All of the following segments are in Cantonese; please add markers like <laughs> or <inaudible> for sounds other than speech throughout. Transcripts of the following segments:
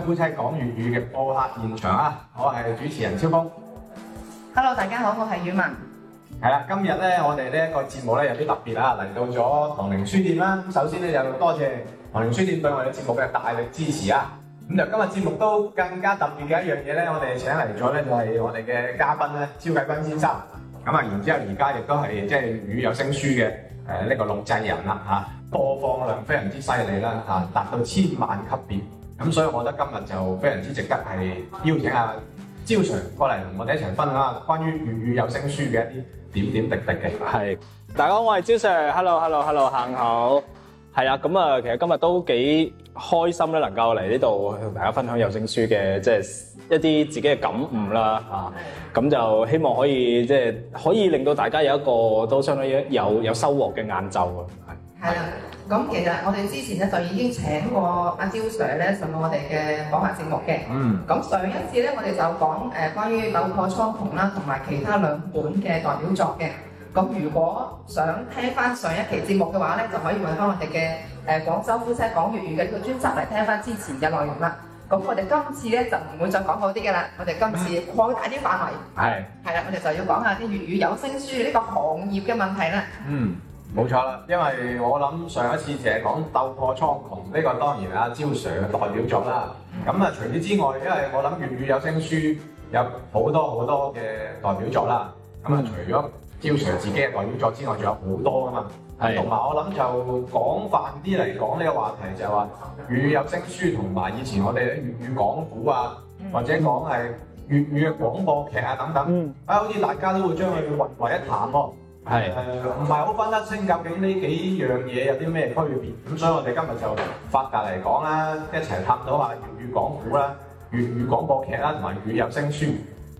夫妻講粵語嘅播客現場啊！我係主持人超鋒。Hello，大家好，我係雨文。係啦，今日咧，我哋呢一個節目咧有啲特別啊，嚟到咗唐寧書店啦。首先咧，又多謝唐寧書店對我哋節目嘅大力支持啊！咁就今日節目都更加特別嘅一樣嘢咧，我哋請嚟咗咧就係我哋嘅嘉賓咧，招繼斌先生。咁啊，然之後而家亦都係即係粵語有聲書嘅誒呢個錄製人啦嚇，播放量非常之犀利啦嚇，達到千萬級別。咁所以我覺得今日就非常之值得係邀請阿招 Sir 過嚟同我哋一齊分享關於粵語有聲書嘅一啲點點滴滴嘅。係，大家好，我係招 Sir，hello hello hello，下午好。係啦，咁啊，其實今日都幾開心啦，能夠嚟呢度同大家分享有聲書嘅即係一啲自己嘅感悟啦，啊，咁就希望可以即係可以令到大家有一個都相當於有有收穫嘅晏晝啊，係。咁、嗯、其實我哋之前咧就已經請過阿招 Sir 咧上我哋嘅講客節目嘅。嗯。咁上一次咧我哋就講誒關於《鬥破蒼穹》啦，同埋其他兩本嘅代表作嘅。咁、嗯、如果想聽翻上一期節目嘅話咧，就可以揾翻我哋嘅誒廣州夫妻講粵語嘅呢個專輯嚟聽翻之前嘅內容啦。咁、嗯嗯、我哋今次咧就唔會再講嗰啲嘅啦。我哋今次擴大啲範圍。係咦。係啦是，我哋就要講下啲粵語有聲書呢個行業嘅問題啦。嗯。冇錯啦，因為我諗上一次就係講鬥破蒼穹，呢、這個當然阿招 Sir 嘅代表作啦。咁啊、嗯，除此之外，因為我諗粵語有聲書有好多好多嘅代表作啦。咁啊、嗯，除咗招 Sir 自己嘅代表作之外，仲有好多噶嘛。係、嗯。同埋我諗就廣泛啲嚟講呢個話題、就是，就係話粵語有聲書同埋以前我哋喺粵語講古啊，嗯、或者講係粵語嘅廣播劇啊等等。啊、嗯哎，好似大家都會將佢混為一談喎、啊。係，唔係好分得清，究竟呢幾樣嘢有啲咩區別？咁所以我哋今日就發達嚟講啦，一齊探討下粵語講古啦、粵語廣播劇啦同埋粵語有聲書。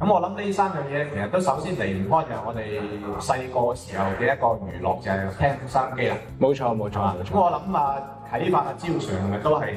咁我諗呢三樣嘢，其實都首先離唔開就係、是、我哋細個時候嘅一個娛樂，就係聽收音機啦。冇錯冇錯。咁我諗啊，啟發阿招常咪都係？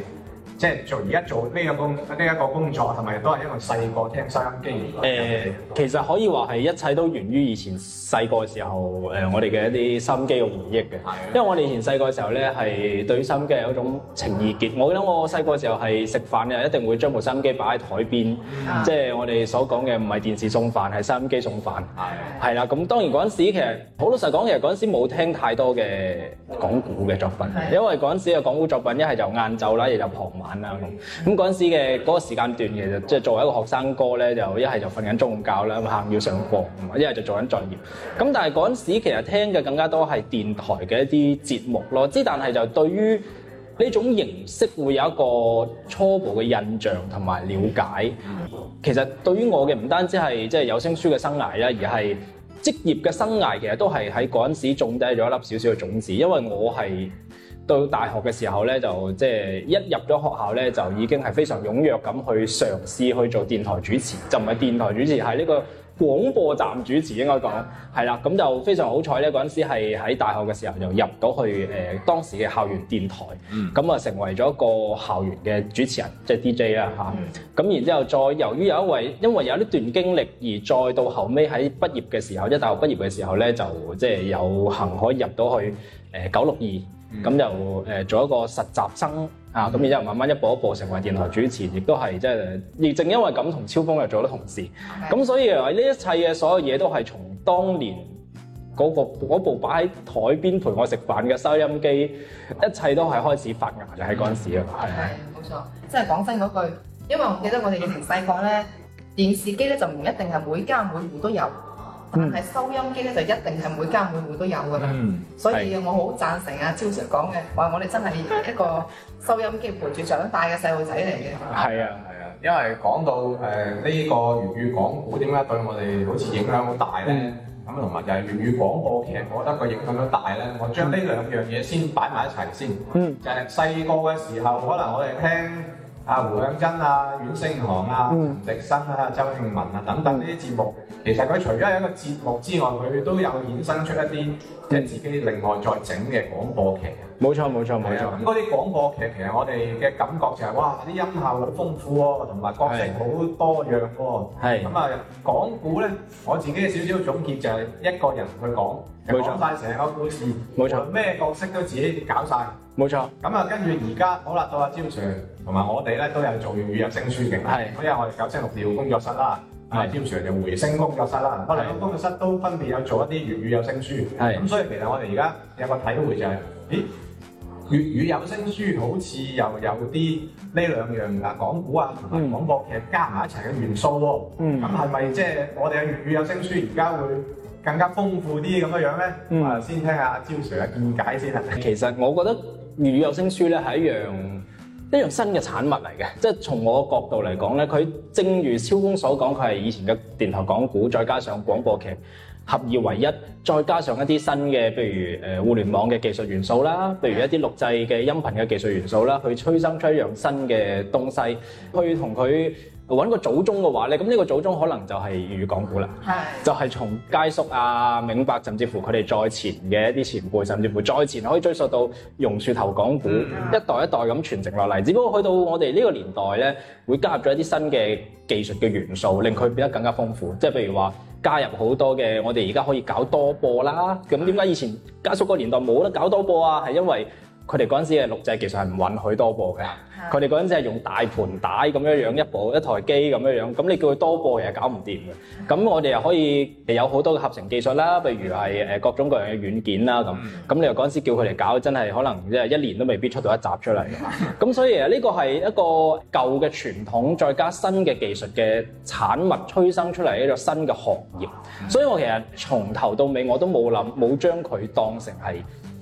即係做而家做呢一個工呢一個工作，同埋都係因為細個聽收音機。誒，其實可以話係一切都源於以前細個時候誒，我哋嘅一啲收音機嘅回憶嘅。係。因為我哋以前細個時候咧，係對收音機有一種情意結。我記得我細個時候係食飯嘅時候一定會將部收音機擺喺枱邊，即係我哋所講嘅唔係電視送飯，係收音機送飯。係。係啦，咁當然嗰陣時其實好老實講，其實嗰陣時冇聽太多嘅講古嘅作品，因為嗰陣時嘅講古作品一係就晏晝啦，亦就傍晚。玩啦咁，咁嗰、嗯、時嘅嗰個時間段其實就即係作為一個學生哥咧，就一係就瞓緊中午覺啦，因為要上課，一係就做緊作業。咁但係嗰陣時其實聽嘅更加多係電台嘅一啲節目咯，之但係就對於呢種形式會有一個初步嘅印象同埋了解。其實對於我嘅唔單止係即係有聲書嘅生涯啦，而係職業嘅生涯，生涯其實都係喺嗰陣時種低咗一粒少少嘅種子，因為我係。到大學嘅時候咧，就即係一入咗學校咧，就已經係非常踴躍咁去嘗試去做電台主持，就唔係電台主持，係呢個廣播站主持應該講，係啦，咁就非常好彩咧，嗰陣時係喺大學嘅時候就入到去誒、呃、當時嘅校園電台，咁啊、嗯、成為咗一個校園嘅主持人，即、就、係、是、DJ 啦、啊、嚇，咁、嗯、然之後再由於有一位因為有呢段經歷，而再到後尾喺畢業嘅時候，即大學畢業嘅時候咧，就即係有幸可以入到去誒九六二。呃咁就誒做一個實習生啊，咁、嗯、然之後慢慢一步一步成為電台主持，亦都係即係，亦正因為咁同超鋒又做咗同事，咁的所以呢一切嘅所有嘢都係從當年嗰、那個嗯、部擺喺枱邊陪我食飯嘅收音機，一切都係開始發芽嘅喺嗰陣時啊，係冇錯，即係講真嗰句，因為我記得我哋以前細個咧，電視機咧就唔一定係每家每戶都有。但係收音機咧就一定係每家每戶都有噶啦，嗯、所以我好贊成啊！超 Sir 講嘅話，我哋真係一個收音機陪住長大嘅細路仔嚟嘅。係啊，係啊，因為講到誒呢、呃這個粵語講古點解對我哋好似影響好大咧？咁同埋就係粵語廣播劇，其實我覺得個影響都大咧。我將呢兩樣嘢先擺埋一齊先，嗯、就係細個嘅時候，可能我哋聽。啊胡向真啊阮星航啊吳迪生啊周興文啊等等呢啲節目，其實佢除咗一個節目之外，佢都有衍生出一啲即係自己另外再整嘅廣播劇。冇錯冇錯冇錯，應該啲廣播劇其實我哋嘅感覺就係哇啲音效好豐富喎，同埋角色好多樣喎。係，咁啊講古咧，我自己嘅少少總結就係一個人去講，講曬成個故事，冇錯。咩角色都自己搞曬，冇錯。咁啊跟住而家好啦，到阿詹 Sir 同埋我哋咧都有做粵語有聲書嘅，係，咁啊我哋九聲六調工作室啦，詹 Sir 就回聲工作室啦，兩間工作室都分別有做一啲粵語有聲書，係。咁所以其實我哋而家有個體會就係，咦？粵語有聲書好似又有啲呢兩樣講古啊，講古啊同埋廣播劇加埋一齊嘅元素咯、啊。咁係咪即係我哋嘅粵語有聲書而家會更加豐富啲咁嘅樣咧？啊、嗯，先聽下阿招 Sir 嘅見解先啦。嗯、其實我覺得粵語有聲書咧係一樣、嗯、一樣新嘅產物嚟嘅，即係從我角度嚟講咧，佢正如超鋒所講，佢係以前嘅電台講古，再加上廣播劇。合二為一，再加上一啲新嘅，譬如誒互聯網嘅技術元素啦，譬如一啲錄製嘅音頻嘅技術元素啦，去催生出一樣新嘅東西。去同佢搵個祖宗嘅話咧，咁呢個祖宗可能就係粵語講古啦，的就係從楷叔啊、明伯，甚至乎佢哋再前嘅一啲前輩，甚至乎再前可以追溯到榕樹頭講古，嗯、一代一代咁傳承落嚟。只不過去到我哋呢個年代咧，會加入咗一啲新嘅技術嘅元素，令佢變得更加豐富。即係譬如話。加入好多嘅，我哋而家可以搞多播啦。咁點解以前加速個年代冇得搞多播啊？係因為。佢哋嗰陣時嘅錄製技術係唔允許多播嘅。佢哋嗰陣時係用大盤帶咁樣樣，一部一台機咁樣樣，咁你叫佢多播又係搞唔掂嘅。咁我哋又可以有好多嘅合成技術啦，譬如係誒各種各樣嘅軟件啦咁。咁你又嗰陣時叫佢哋搞，真係可能即係一年都未必出到一集出嚟。咁所以呢個係一個舊嘅傳統，再加新嘅技術嘅產物催生出嚟一個新嘅行業。所以我其實從頭到尾我都冇諗冇將佢當成係。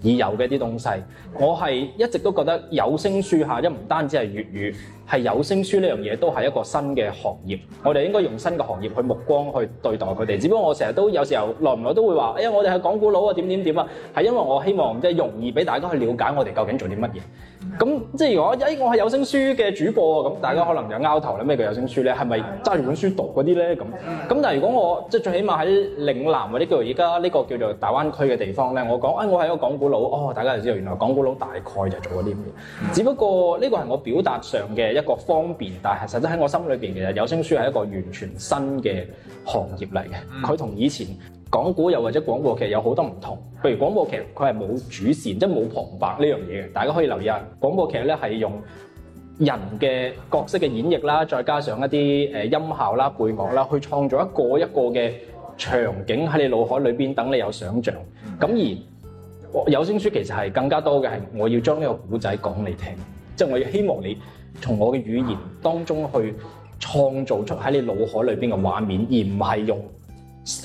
已有嘅一啲東西，我係一直都覺得有聲書下，一唔單止係粵語。係有聲書呢樣嘢都係一個新嘅行業，我哋應該用新嘅行業去目光去對待佢哋。只不過我成日都有時候耐唔耐都會話，因、哎、為我哋係講古佬啊，點點點啊，係因為我希望即係容易俾大家去了解我哋究竟做啲乜嘢。咁即係如果誒、哎、我係有聲書嘅主播啊，咁大家可能就拗頭啦，咩叫有聲書咧？係咪揸住本書讀嗰啲咧？咁咁但係如果我即係最起碼喺嶺南或者叫做而家呢個叫做大灣區嘅地方咧，我講誒、哎、我係一個講古佬，哦大家就知道原來講古佬大概就做啲乜嘢。只不過呢、這個係我表達上嘅。一個方便，但係實質喺我心裏邊，其實有聲書係一個完全新嘅行業嚟嘅。佢同以前講古又或者廣播劇有好多唔同。譬如廣播劇，佢係冇主線，即係冇旁白呢樣嘢嘅。大家可以留意下廣播劇咧係用人嘅角色嘅演繹啦，再加上一啲誒音效啦、配樂啦，去創造一個一個嘅場景喺你腦海裏邊等你有想象。咁而有聲書其實係更加多嘅係，我要將呢個古仔講你聽，即係我要希望你。從我嘅語言當中去創造出喺你腦海裏邊嘅畫面，而唔係用誒、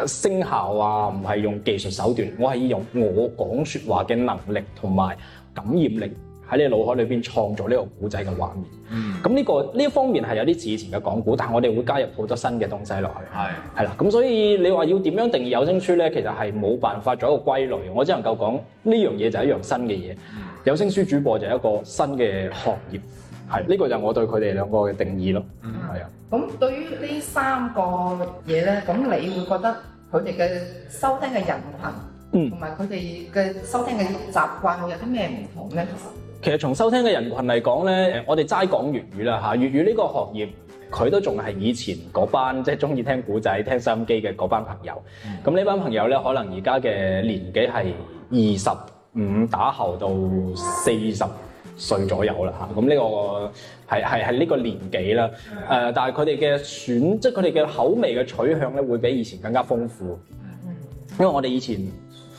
呃、聲效啊，唔係用技術手段，我係用我講説話嘅能力同埋感染力喺你腦海裏邊創造呢個古仔嘅畫面。嗯，咁呢、這個呢一方面係有啲似以前嘅講古，但係我哋會加入好多新嘅東西落去。係的，係啦，咁所以你話要點樣定義有聲書咧？其實係冇辦法做一個歸類，我只能夠講呢樣嘢就係一樣新嘅嘢。嗯、有聲書主播就係一個新嘅行業。係，呢、這個就我對佢哋兩個嘅定義咯。嗯，係啊是。咁對於呢三個嘢咧，咁你會覺得佢哋嘅收聽嘅人群，嗯，同埋佢哋嘅收聽嘅習慣有啲咩唔同咧？其實，其實從收聽嘅人群嚟講咧，誒，我哋齋講粵語啦嚇，粵語呢個行業佢都仲係以前嗰班即係中意聽古仔、聽收音機嘅嗰班朋友。咁呢班朋友咧，可能而家嘅年紀係二十五打後到四十。歲左右啦嚇，咁、這、呢個係係係呢個年紀啦，誒、呃，但係佢哋嘅選，即係佢哋嘅口味嘅取向咧，會比以前更加豐富，因為我哋以前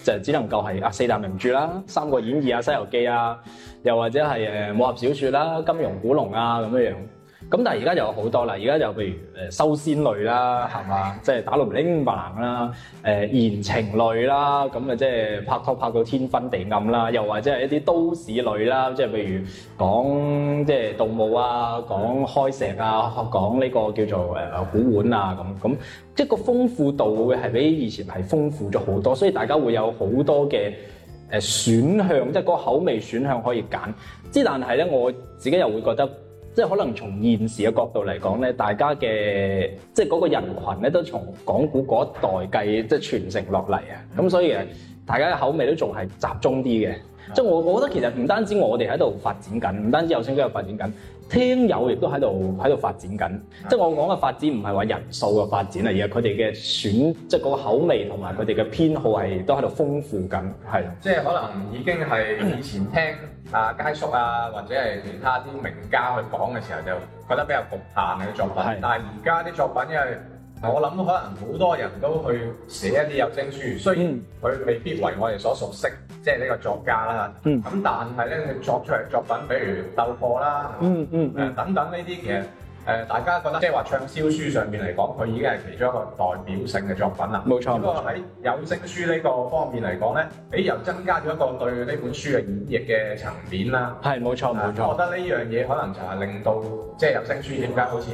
就只能夠係啊四大名著啦、《三國演義》啊、《西遊記》啊，又或者係誒武俠小說啦、《金庸古龍》啊咁樣樣。咁但係而家有好多啦，而家就譬如誒修仙類啦，係嘛？即係打龍擰棒啦，誒言情類啦，咁啊即係拍拖拍到天昏地暗啦，又或者係一啲都市類啦，即係譬如講即係盜墓啊，講開石啊，講呢個叫做誒古玩啊，咁咁即係個豐富度會係比以前係豐富咗好多，所以大家會有好多嘅誒選項，即係個口味選項可以揀。即係但係咧，我自己又會覺得。即係可能從現時嘅角度嚟講咧，大家嘅即係嗰個人群咧都從港股嗰一代計，即係傳承落嚟啊！咁所以係大家嘅口味都仲係集中啲嘅。即係我，我覺得其實唔單止我哋喺度發展緊，唔單止有聲喺度發展緊。聽友亦都喺度喺度發展緊，即係的我講嘅發展唔係話人數嘅發展啊，而係佢哋嘅選，即係嗰個口味同埋佢哋嘅偏好係都喺度豐富緊，係。即係可能已經係以前聽阿、啊、佳叔啊，或者係其他啲名家去講嘅時候，就覺得比較局限嘅作品，的但係而家啲作品因為。我諗可能好多人都去寫一啲有聲書，雖然佢未必為我哋所熟悉，即係呢個作家啦。咁但係咧，佢作出嚟作品，比如鬥《鬥破》啦，嗯嗯，誒、呃、等等呢啲，其實誒大家覺得即係話暢銷書上面嚟講，佢已經係其中一個代表性嘅作品啦。冇錯錯。不過喺有聲書呢個方面嚟講咧，俾又增加咗一個對呢本書嘅演繹嘅層面啦。係冇錯冇錯。我、呃、錯覺得呢樣嘢可能就係令到即係、就是、有聲書點解好似？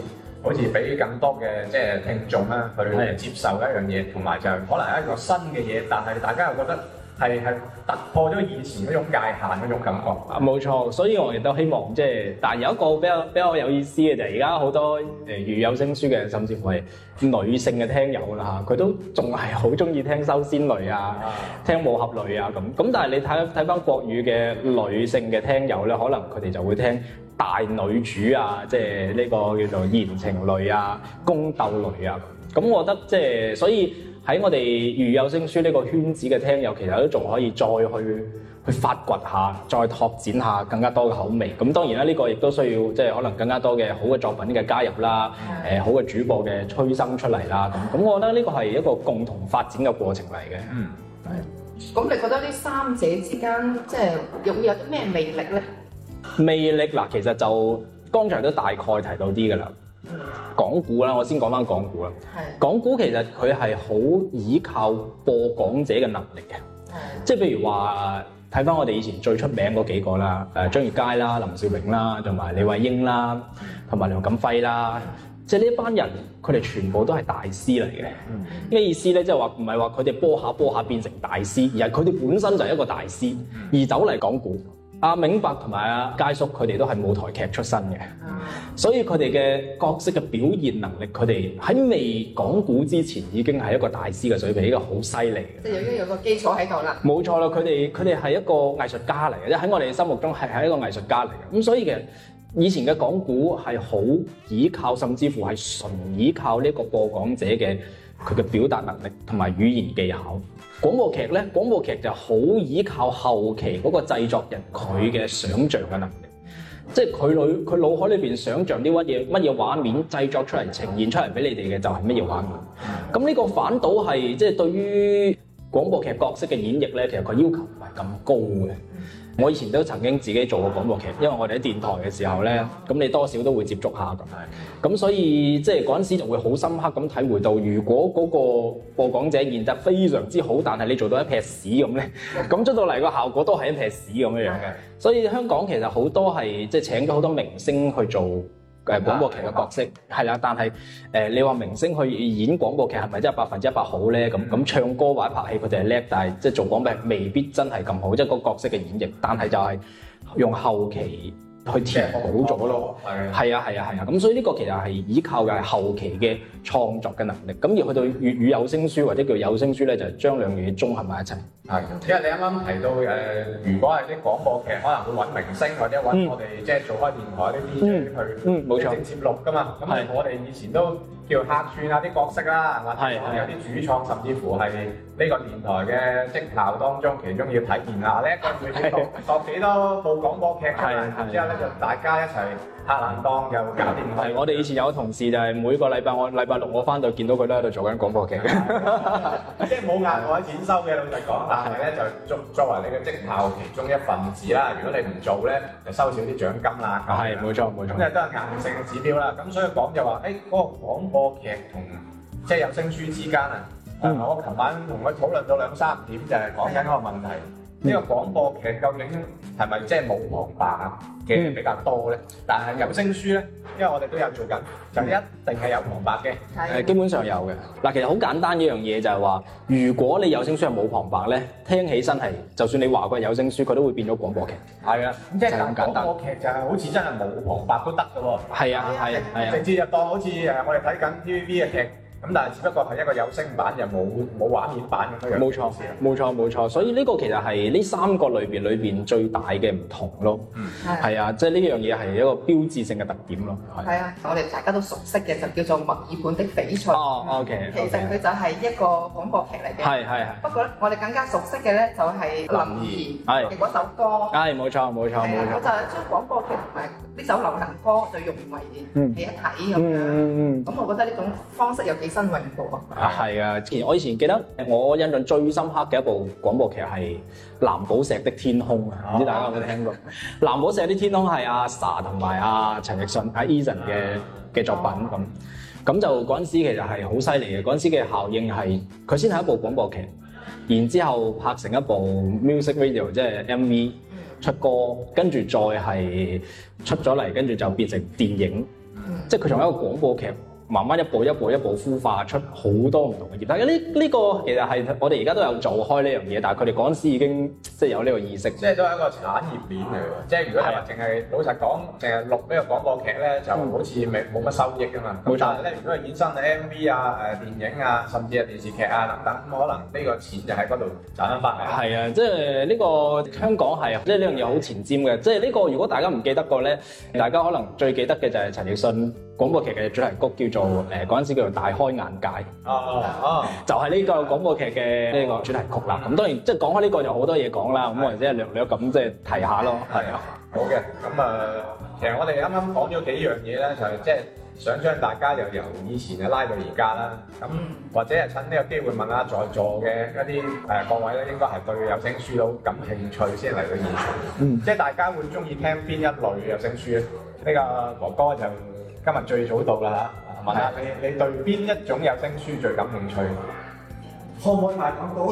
好似俾更多嘅即係聽眾啦去接受一樣嘢，同埋就可能係一個新嘅嘢，但係大家又覺得係係突破咗以前嗰種界限嗰種感覺。啊，冇錯，所以我亦都希望即係，但係有一個比較比較有意思嘅就係而家好多粵語有聲書嘅，甚至乎係女性嘅聽友啦嚇，佢都仲係好中意聽修仙類啊，聽武俠類啊咁。咁但係你睇睇翻國語嘅女性嘅聽友咧，可能佢哋就會聽。大女主啊，即係呢個叫做言情類啊、宮鬥類啊。咁我覺得即、就、係、是、所以喺我哋粵語有聲書呢個圈子嘅聽友，其實都仲可以再去去發掘下，再拓展下更加多嘅口味。咁當然啦，呢、這個亦都需要即係可能更加多嘅好嘅作品嘅加入啦，誒的、呃，好嘅主播嘅催生出嚟啦。咁，咁我覺得呢個係一個共同發展嘅過程嚟嘅。嗯，係的，咁你覺得呢三者之間，即係，有，會有啲咩魅力咧？魅力嗱，其實就剛才都大概提到啲噶啦。講古啦，我先講翻講古啦。的講古其實佢係好倚靠播講者嘅能力嘅。的即係譬如話睇翻我哋以前最出名嗰幾個啦，誒張悅楷啦、林少榮啦、同埋李慧英啦、同埋梁錦輝啦。即係呢一班人，佢哋全部都係大師嚟嘅。咩的意思咧？即係話唔係話佢哋播下播下變成大師，而係佢哋本身就係一個大師，的而走嚟講古。阿明伯同埋阿佳叔佢哋都係舞台劇出身嘅，啊、所以佢哋嘅角色嘅表現能力，佢哋喺未講古之前已經係一個大師嘅水平，呢個好犀利嘅。即係已經有個基礎喺度啦。冇錯啦，佢哋佢哋係一個藝術家嚟嘅，即喺我哋心目中係係一個藝術家嚟嘅。咁所以其實以前嘅講古係好倚靠，甚至乎係純倚靠呢個播講者嘅佢嘅表達能力同埋語言技巧。廣播劇咧，廣播劇就好依靠後期嗰個製作人佢嘅想像嘅能力，即係佢腦佢腦海裏邊想像啲乜嘢乜嘢畫面，製作出嚟呈現出嚟俾你哋嘅就係乜嘢畫面。咁呢個反倒係即係對於廣播劇角色嘅演繹咧，其實佢要求唔係咁高嘅。我以前都曾經自己做過廣播劇，因為我哋喺電台嘅時候呢，咁你多少都會接觸下咁，係，咁所以即係嗰陣時就會好深刻咁體會到，如果嗰個播講者演得非常之好，但係你做到一撇屎咁呢，咁出到嚟個效果都係一撇屎咁樣樣嘅，所以香港其實好多係即係請咗好多明星去做。誒廣播劇嘅角色係啦、嗯，但係誒、呃、你話明星去演廣播劇係咪真係百分之一百好咧？咁咁唱歌或者拍戲，佢哋係叻，但係即係做廣播劇未必真係咁好，即、就、係、係、個角色嘅演繹。但係就係用後期。去填補咗咯，係啊、嗯，係啊，係啊，咁所以呢個其實係依靠嘅係後期嘅創作嘅能力，咁而去到粵語有聲書或者叫有聲書咧，就係、是、將兩樣嘢綜合埋一齊。係，因為你啱啱提到誒，如果係啲廣播劇可能會揾明星或者揾我哋即係做開電台啲編劇去嗯，冇、嗯嗯、錯，接錄㗎嘛，咁係我哋以前都，叫客串啊啲角色啦，或者有啲主創甚至乎係呢個電台嘅職校當中，其中要體現啦，呢一個要讀讀幾多部廣播劇出嚟，然是之後咧就是大家一齊。拍爛檔又搞掂。係，我哋以前有個同事就係每個禮拜，我禮拜六我翻到見到佢都喺度做緊廣播劇 <laughs> <laughs> 即。即係冇額外錢收嘅，老實講，但係咧 <laughs> 就作作為你嘅績效其中一份子啦。如果你唔做咧，就收少啲獎金啦。係、就是，冇錯冇錯。即又都係硬性嘅指標啦。咁所以講就話，誒、欸、嗰、那個廣播劇同即係有聲書之間啊，嗯、是是我琴晚同佢討論到兩三點，就係講緊嗰個問題。 <laughs> 呢、嗯、個廣播劇究竟係咪即係冇旁白嘅比較多咧、嗯？但係有聲書咧，因為我哋都有做緊，就、嗯、一定係有旁白嘅，誒的基本上有嘅。嗱，其實好簡單一樣嘢就係話，如果你有聲書係冇旁白咧，聽起身係，就算你話佢係有聲書，佢都會變咗廣播劇。係啊，咁、嗯、即係廣播劇就係好似真係冇旁白都得嘅喎。係啊，係啊，係啊，直接入當好似誒我哋睇緊 TVB 嘅劇。咁但係只不過係一個有聲版，又冇冇畫面版咁樣。冇錯冇錯冇錯，所以呢個其實係呢三個類別裏邊最大嘅唔同咯。嗯，係啊，即係呢樣嘢係一個標誌性嘅特點咯。係啊，我哋大家都熟悉嘅就叫做《墨爾本的比賽》哦，OK，其實佢就係一個廣播劇嚟嘅。係係係。不過咧，我哋更加熟悉嘅咧就係林二嘅嗰首歌。係冇錯冇錯，冇錯。就係將廣播劇同埋呢首流行歌就融為一體咁樣。嗯嗯嗯。咁我覺得呢種方式有幾。新榮報啊！啊，係啊！之前我以前記得，我印象最深刻嘅一部廣播劇係《藍寶石的天空》啊，唔知大家有冇聽過《藍寶石的天空》？係阿 Sa 同埋阿陳奕迅、阿 Eason 嘅嘅作品咁。咁就嗰陣時其實係好犀利嘅，嗰陣時嘅效應係佢先係一部廣播劇，然之後拍成一部 music video，即係 MV 出歌，跟住再係出咗嚟，跟住就變成電影，oh. 嗯、即係佢仲從一個廣播劇。慢慢一步一步一步孵化出好多唔同嘅嘢，但係呢呢個其實係我哋而家都有做開呢樣嘢，但係佢哋嗰陣時已經即係有呢個意識，即係都係一個產業鏈嚟嘅。啊、即係如果你話淨係老實講，淨係錄呢個廣播劇咧，就好似未冇乜收益㗎嘛。冇、嗯、但錯。但係咧，如果係衍生嘅 MV 啊、誒電影啊，甚至係電視劇啊等等，咁可能呢個錢就喺嗰度賺翻翻嚟。係、嗯、啊，即係呢個香港係即係呢樣嘢好前瞻嘅。即係呢個如果大家唔記得過咧，大家可能最記得嘅就係陳奕迅。廣播劇嘅主題曲叫做誒，嗰陣時叫做大開眼界，哦哦，哦就係呢個廣播劇嘅呢個主題曲啦。咁、嗯、當然即係講開呢個就好多嘢講啦。咁或者略略咁即係提下咯，係啊。好嘅，咁啊，其實我哋啱啱講咗幾樣嘢咧，就係即係想將大家又由以前啊拉到而家啦。咁或者係趁呢個機會問下在座嘅一啲誒各位咧，應該係對有聲書好感興趣先嚟到現場，嗯，即係大家會中意聽邊一類嘅有聲書咧？呢個哥哥就。今日最早到啦嚇，問下你，你對邊一種有聲書最感興趣？可唔可以賣廣告？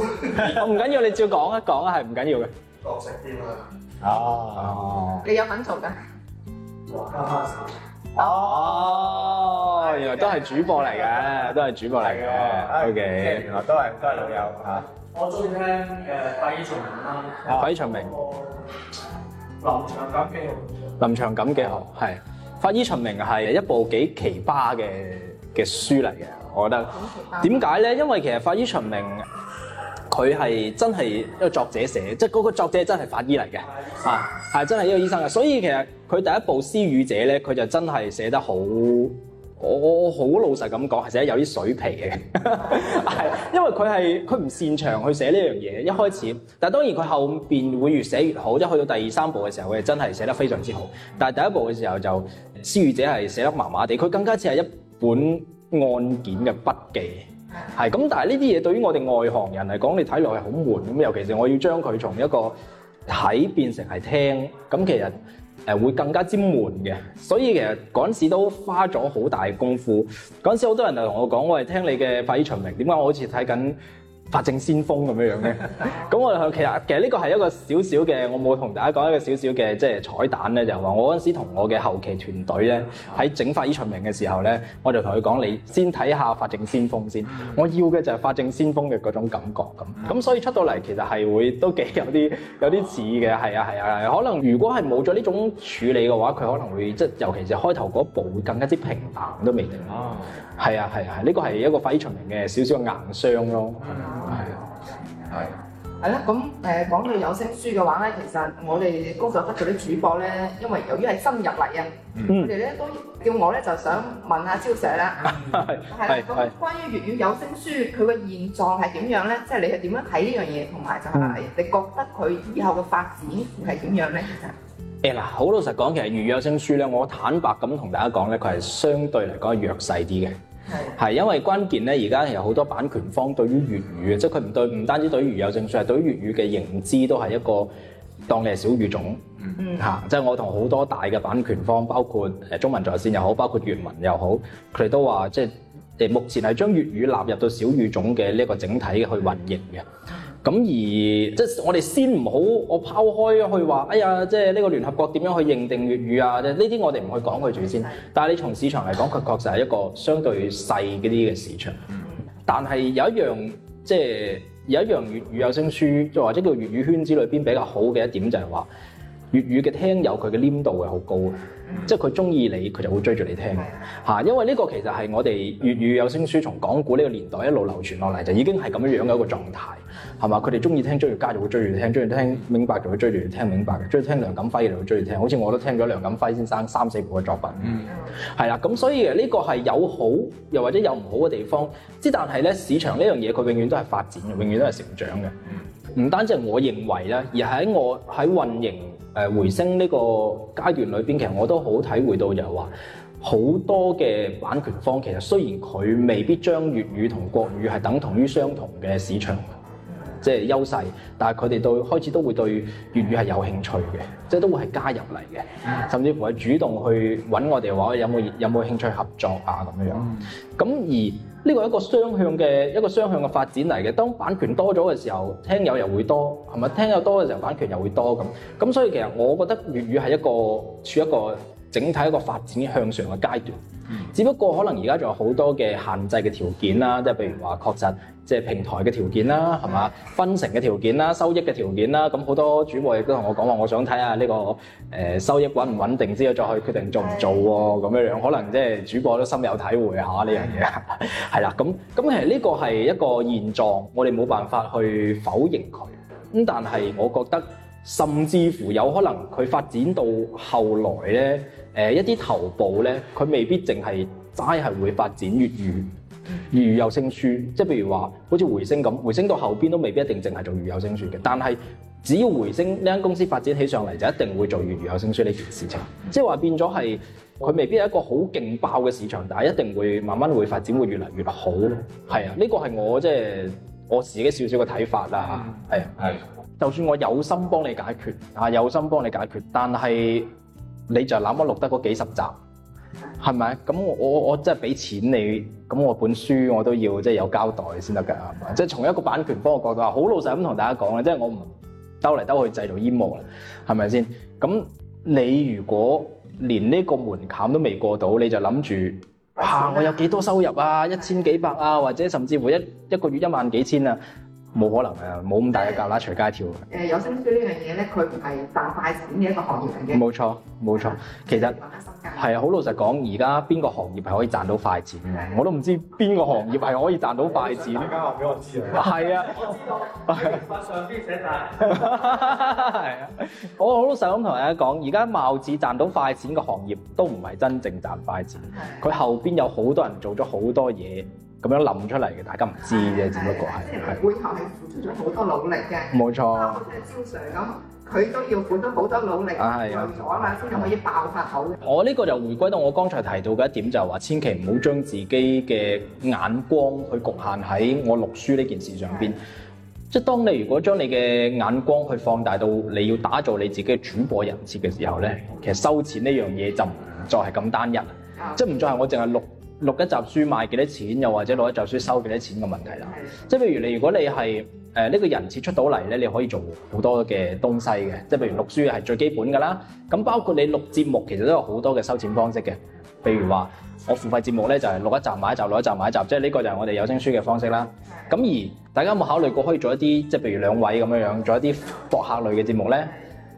唔緊要，你照講一講啊，係唔緊要嘅。角色啲啊！哦，你有份做㗎？黃家駒。哦，原來都係主播嚟嘅，都係主播嚟嘅。O K，即係原來都係都係老友嚇。我中意聽誒《法醫秦明》啊，《法醫秦明》臨場感幾好？臨場感幾好，係。《法醫秦明》係一部幾奇葩嘅嘅書嚟嘅，我覺得。點解咧？因為其實《法醫秦明》佢係真係一個作者寫，即係嗰個作者真係法醫嚟嘅，啊係、啊、真係一個醫生嘅，所以其實佢第一部《屍語者》咧，佢就真係寫得好。我好老實咁講，係寫得有啲水皮嘅，係 <laughs> 因為佢係佢唔擅長去寫呢樣嘢。一開始，但係當然佢後邊會越寫越好。一去到第二三部嘅時候，佢真係寫得非常之好。但係第一部嘅時候就《屍語者》係寫得麻麻地，佢更加似係一本案件嘅筆記，係咁。但係呢啲嘢對於我哋外行人嚟講，你睇落係好悶。咁尤其是我要將佢從一個睇變成係聽，咁其實。誒會更加之悶嘅，所以其實嗰陣時都花咗好大嘅功夫。嗰陣時好多人就同我講：我係聽你嘅法醫秦明，點解我好似睇緊？法證先鋒咁樣樣咧，咁 <laughs> 我其實其實呢個係一個小小嘅，我冇同大家講一個小小嘅即係彩蛋咧，就係話我嗰陣時同我嘅後期團隊咧喺整《法醫秦明》嘅時候咧，我就同佢講：你先睇下《法證先鋒》先，我要嘅就係《法證先鋒》嘅嗰種感覺咁。咁所以出到嚟其實係會都幾有啲有啲似嘅，係啊係啊係。可能如果係冇咗呢種處理嘅話，佢可能會即係尤其是開頭嗰一步會更加之平淡都未定。啊，係啊係啊係。呢個係一個法的小小的《法醫秦明》嘅少少硬傷咯。係啊，係。係啦，咁誒講到有聲書嘅話咧，其實我哋工作室做啲主播咧，因為由於係新入嚟啊，佢哋咧都叫我咧就想問下肖姐啦。係啦，咁關於粵語有聲書佢個現狀係點樣咧？即係你係點樣睇呢樣嘢，同埋就係你覺得佢以後嘅發展係點樣咧？其實誒嗱，好老實講，其實粵語有聲書咧，我坦白咁同大家講咧，佢係相對嚟講弱勢啲嘅。係，因為關鍵咧，而家其實好多版權方對於粵語即係佢唔對，唔單止對於粵語有聲書，係對於粵語嘅認知都係一個當佢係小語種，嗯嗯，吓，即係我同好多大嘅版權方，包括誒中文在線又好，包括閱文又好，佢哋都話，即係誒目前係將粵語納入到小語種嘅呢一個整體去運營嘅。嗯嗯咁而即係我哋先唔好，我拋開去話哎呀，即係呢個聯合國點樣去認定粵語啊？即係呢啲我哋唔去講佢住先。但係你從市場嚟講，佢確實係一個相對細嗰啲嘅市場，嗯。但係有一樣即係有一樣粵語有聲書，再或者叫粵語圈子裏邊比較好嘅一點就係話。粵語嘅聽友，佢嘅黏度會好高。即係佢中意你，佢就會追住你聽吓。因為呢個其實係我哋粵語有聲書從講古呢個年代一路流傳落嚟，就已經係咁樣樣嘅一個狀態，係嘛？佢哋中意聽追住家就會追住聽，中意聽明白就會追住聽明白嘅，追住聽梁錦輝就會追住聽。好似我都聽咗梁錦輝先生三四部嘅作品，係啦、嗯。咁所以呢個係有好，又或者有唔好嘅地方。之但係咧，市場呢樣嘢佢永遠都係發展嘅，永遠都係成長嘅。嗯嗯嗯。唔單止係我認為啦，而喺我喺運營誒回聲呢個階段裏邊，其實我都好體會到就係話，好多嘅版權方其實雖然佢未必將粵語同國語係等同於相同嘅市場，即係優勢，但係佢哋對開始都會對粵語係有興趣嘅，即係都會係加入嚟嘅，甚至乎係主動去揾我哋話，有冇有冇興趣合作啊咁樣樣。咁而呢個係一個雙向嘅一個雙向嘅發展嚟嘅，當版權多咗嘅時候，聽友又會多，係咪？聽友多嘅時候，版權又會多咁，咁所以其實我覺得粵語係一個處一個，整體一個發展向上嘅階段，只不過可能而家仲有好多嘅限制嘅條件啦，即係譬如話確實即係平台嘅條件啦，係嘛？分成嘅條件啦，收益嘅條件啦，咁好多主播亦都同我講話，我想睇下呢個誒收益穩唔穩定，之後再去決定做唔做喎，咁樣樣可能即係主播都深有體會嚇呢樣嘢，係、啊、啦，咁咁其實呢個係一個現狀，我哋冇辦法去否認佢，咁但係我覺得甚至乎有可能佢發展到後來咧。誒、呃、一啲頭部咧，佢未必淨係齋係會發展粵語，粵語有聲書，即係譬如話，好似回升咁，回升到後邊都未必一定淨係做粵語有聲書嘅。但係只要回升，呢間公司發展起上嚟，就一定會做粵語有聲書呢件事情。即係話變咗係，佢未必係一個好勁爆嘅市場，但係一定會慢慢會發展，會越嚟越好。係啊，呢個係我即係、就是、我自己少少嘅睇法啦。係係、啊，的就算我有心幫你解決啊，有心幫你解決，但係。你就諗咁錄得嗰幾十集，係咪？咁我我我真係俾錢給你，咁我本書我都要即係有交代先得㗎，係咪？即係從一個版權方嘅角度話，好老實咁同大家講咧，即係我唔兜嚟兜去製造煙霧啦，係咪先？咁你如果連呢個門檻都未過到，你就諗住哇，我有幾多收入啊？一千幾百啊，或者甚至乎一一個月一萬幾千啊？冇可能啊，冇咁大嘅蛤乸，隨街跳嘅，呃。有聲書呢樣嘢咧，佢唔係賺快錢嘅一個行業嚟嘅。冇錯，冇錯。其實係啊，好老實講，而家邊個行業係可以賺到快錢嘅？我都唔知邊個行業係可以賺到快錢。依家話俾我知，對 <laughs> 是啊！係 <laughs> 啊， <laughs> <laughs> <laughs> 我知道。我上邊寫大。係啊，我好老實咁同大家講，而家貌似賺到快錢嘅行業，都唔係真正賺快錢。佢的後邊有好多人做咗好多嘢。咁樣諗出嚟嘅，大家唔知嘅，只不過係。即係背後係付出咗好多努力嘅。冇錯。好似招 Sir 咁，佢都要付出好多努力。啊係啊。做了啊嘛，先可以爆發好。我呢個就回歸到我剛才提到嘅一點，就係話千祈唔好將自己嘅眼光去局限喺我錄書呢件事上邊。的即係當你如果將你嘅眼光去放大到你要打造你自己嘅主播人設嘅時候咧，其實收錢呢樣嘢就唔再係咁單一，即係唔再係我淨係錄。錄一集書賣幾多錢，又或者錄一集書收幾多錢嘅問題啦。即係譬如你，如果你係誒呢個人設出到嚟咧，你可以做好多嘅東西嘅。即係譬如錄書係最基本噶啦，咁包括你錄節目其實都有好多嘅收錢方式嘅。譬如話，我付費節目咧就係、是、錄一集買一集，錄一集買一集，即係呢個就係我哋有聲書嘅方式啦。咁而大家有冇考慮過可以做一啲，即係譬如兩位咁樣樣做一啲博客類嘅節目咧？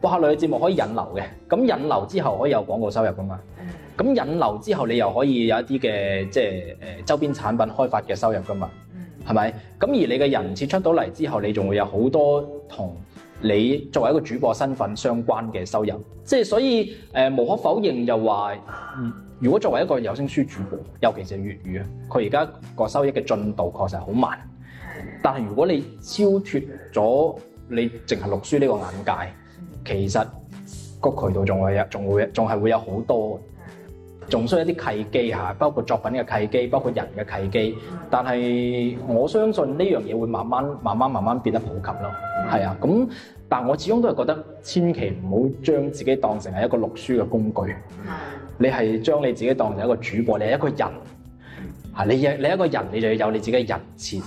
博客類嘅節目可以引流嘅，咁引流之後可以有廣告收入噶嘛？咁引流之後，你又可以有一啲嘅即係誒周邊產品開發嘅收入㗎嘛？係咪？咁而你嘅人設出到嚟之後，你仲會有好多同你作為一個主播身份相關嘅收入。即係所以誒、呃，無可否認又，又話如果作為一個有聲書主播，尤其是粵語啊，佢而家個收益嘅進度確實係好慢。但係如果你超脫咗你淨係錄書呢個眼界，其實個渠道仲會有，仲會仲係會有好多。仲需要一啲契機嚇，包括作品嘅契機，包括人嘅契機。但係我相信呢樣嘢會慢慢、慢慢、慢慢變得普及咯。係啊、嗯，咁但我始終都係覺得千祈唔好將自己當成係一個錄書嘅工具。你係將你自己當成一個主播，你係一個人。係，你你一個人，你就要有你自己嘅人設。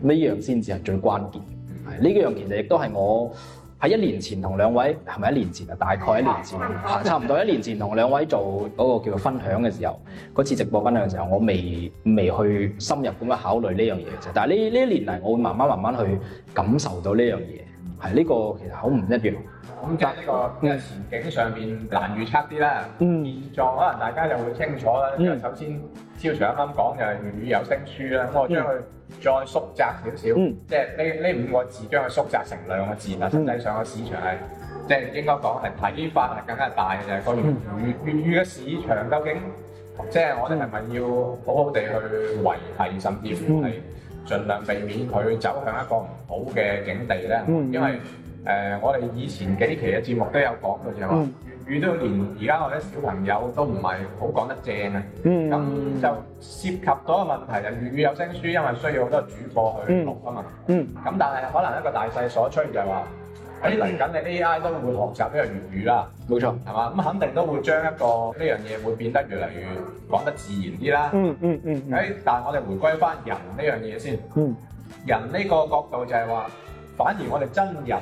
呢樣先至係最關鍵。係，呢樣其實亦都係我，喺一年前同兩位係咪一年前啊？大概一年前， <laughs> 差唔多一年前同兩位做嗰個叫做分享嘅時候，嗰次直播分享嘅時候，我未未去深入咁樣考慮呢樣嘢嘅啫。但係呢呢一年嚟，我會慢慢慢慢去感受到呢樣嘢。係呢個其實好唔一樣，咁即係呢個前景上面難預測啲啦。嗯、現狀可能大家就會清楚啦。因為、嗯、首先，超 sir 啱啱講就係粵語有聲書啦，嗯、我將佢再縮窄少少，即係呢呢五個字將佢縮窄成兩個字。但、嗯、實際上個市場係即係應該講係睇法係更加大嘅，就係個粵語粵語嘅市場究竟即係、就是、我哋係咪要好好地去維繫，甚至乎係，盡量避免佢走向一個唔好嘅境地咧，嗯、因為誒、呃、我哋以前幾期嘅節目都有講到，就係話粵語都連而家我哋啲小朋友都唔係好講得正啊。咁、嗯、就涉及咗個問題就係粵語有聲書，因為需要好多主播去錄啊、嗯、語嘛。咁但係可能一個大勢所趨就係話。誒嚟緊，你 AI 都會學習呢個粵語啦，冇錯，係嘛？咁肯定都會將一個呢樣嘢會變得越嚟越講得自然啲啦。嗯嗯嗯。誒，但係我哋回歸翻人呢樣嘢先。嗯。人呢個角度就係話，反而我哋真人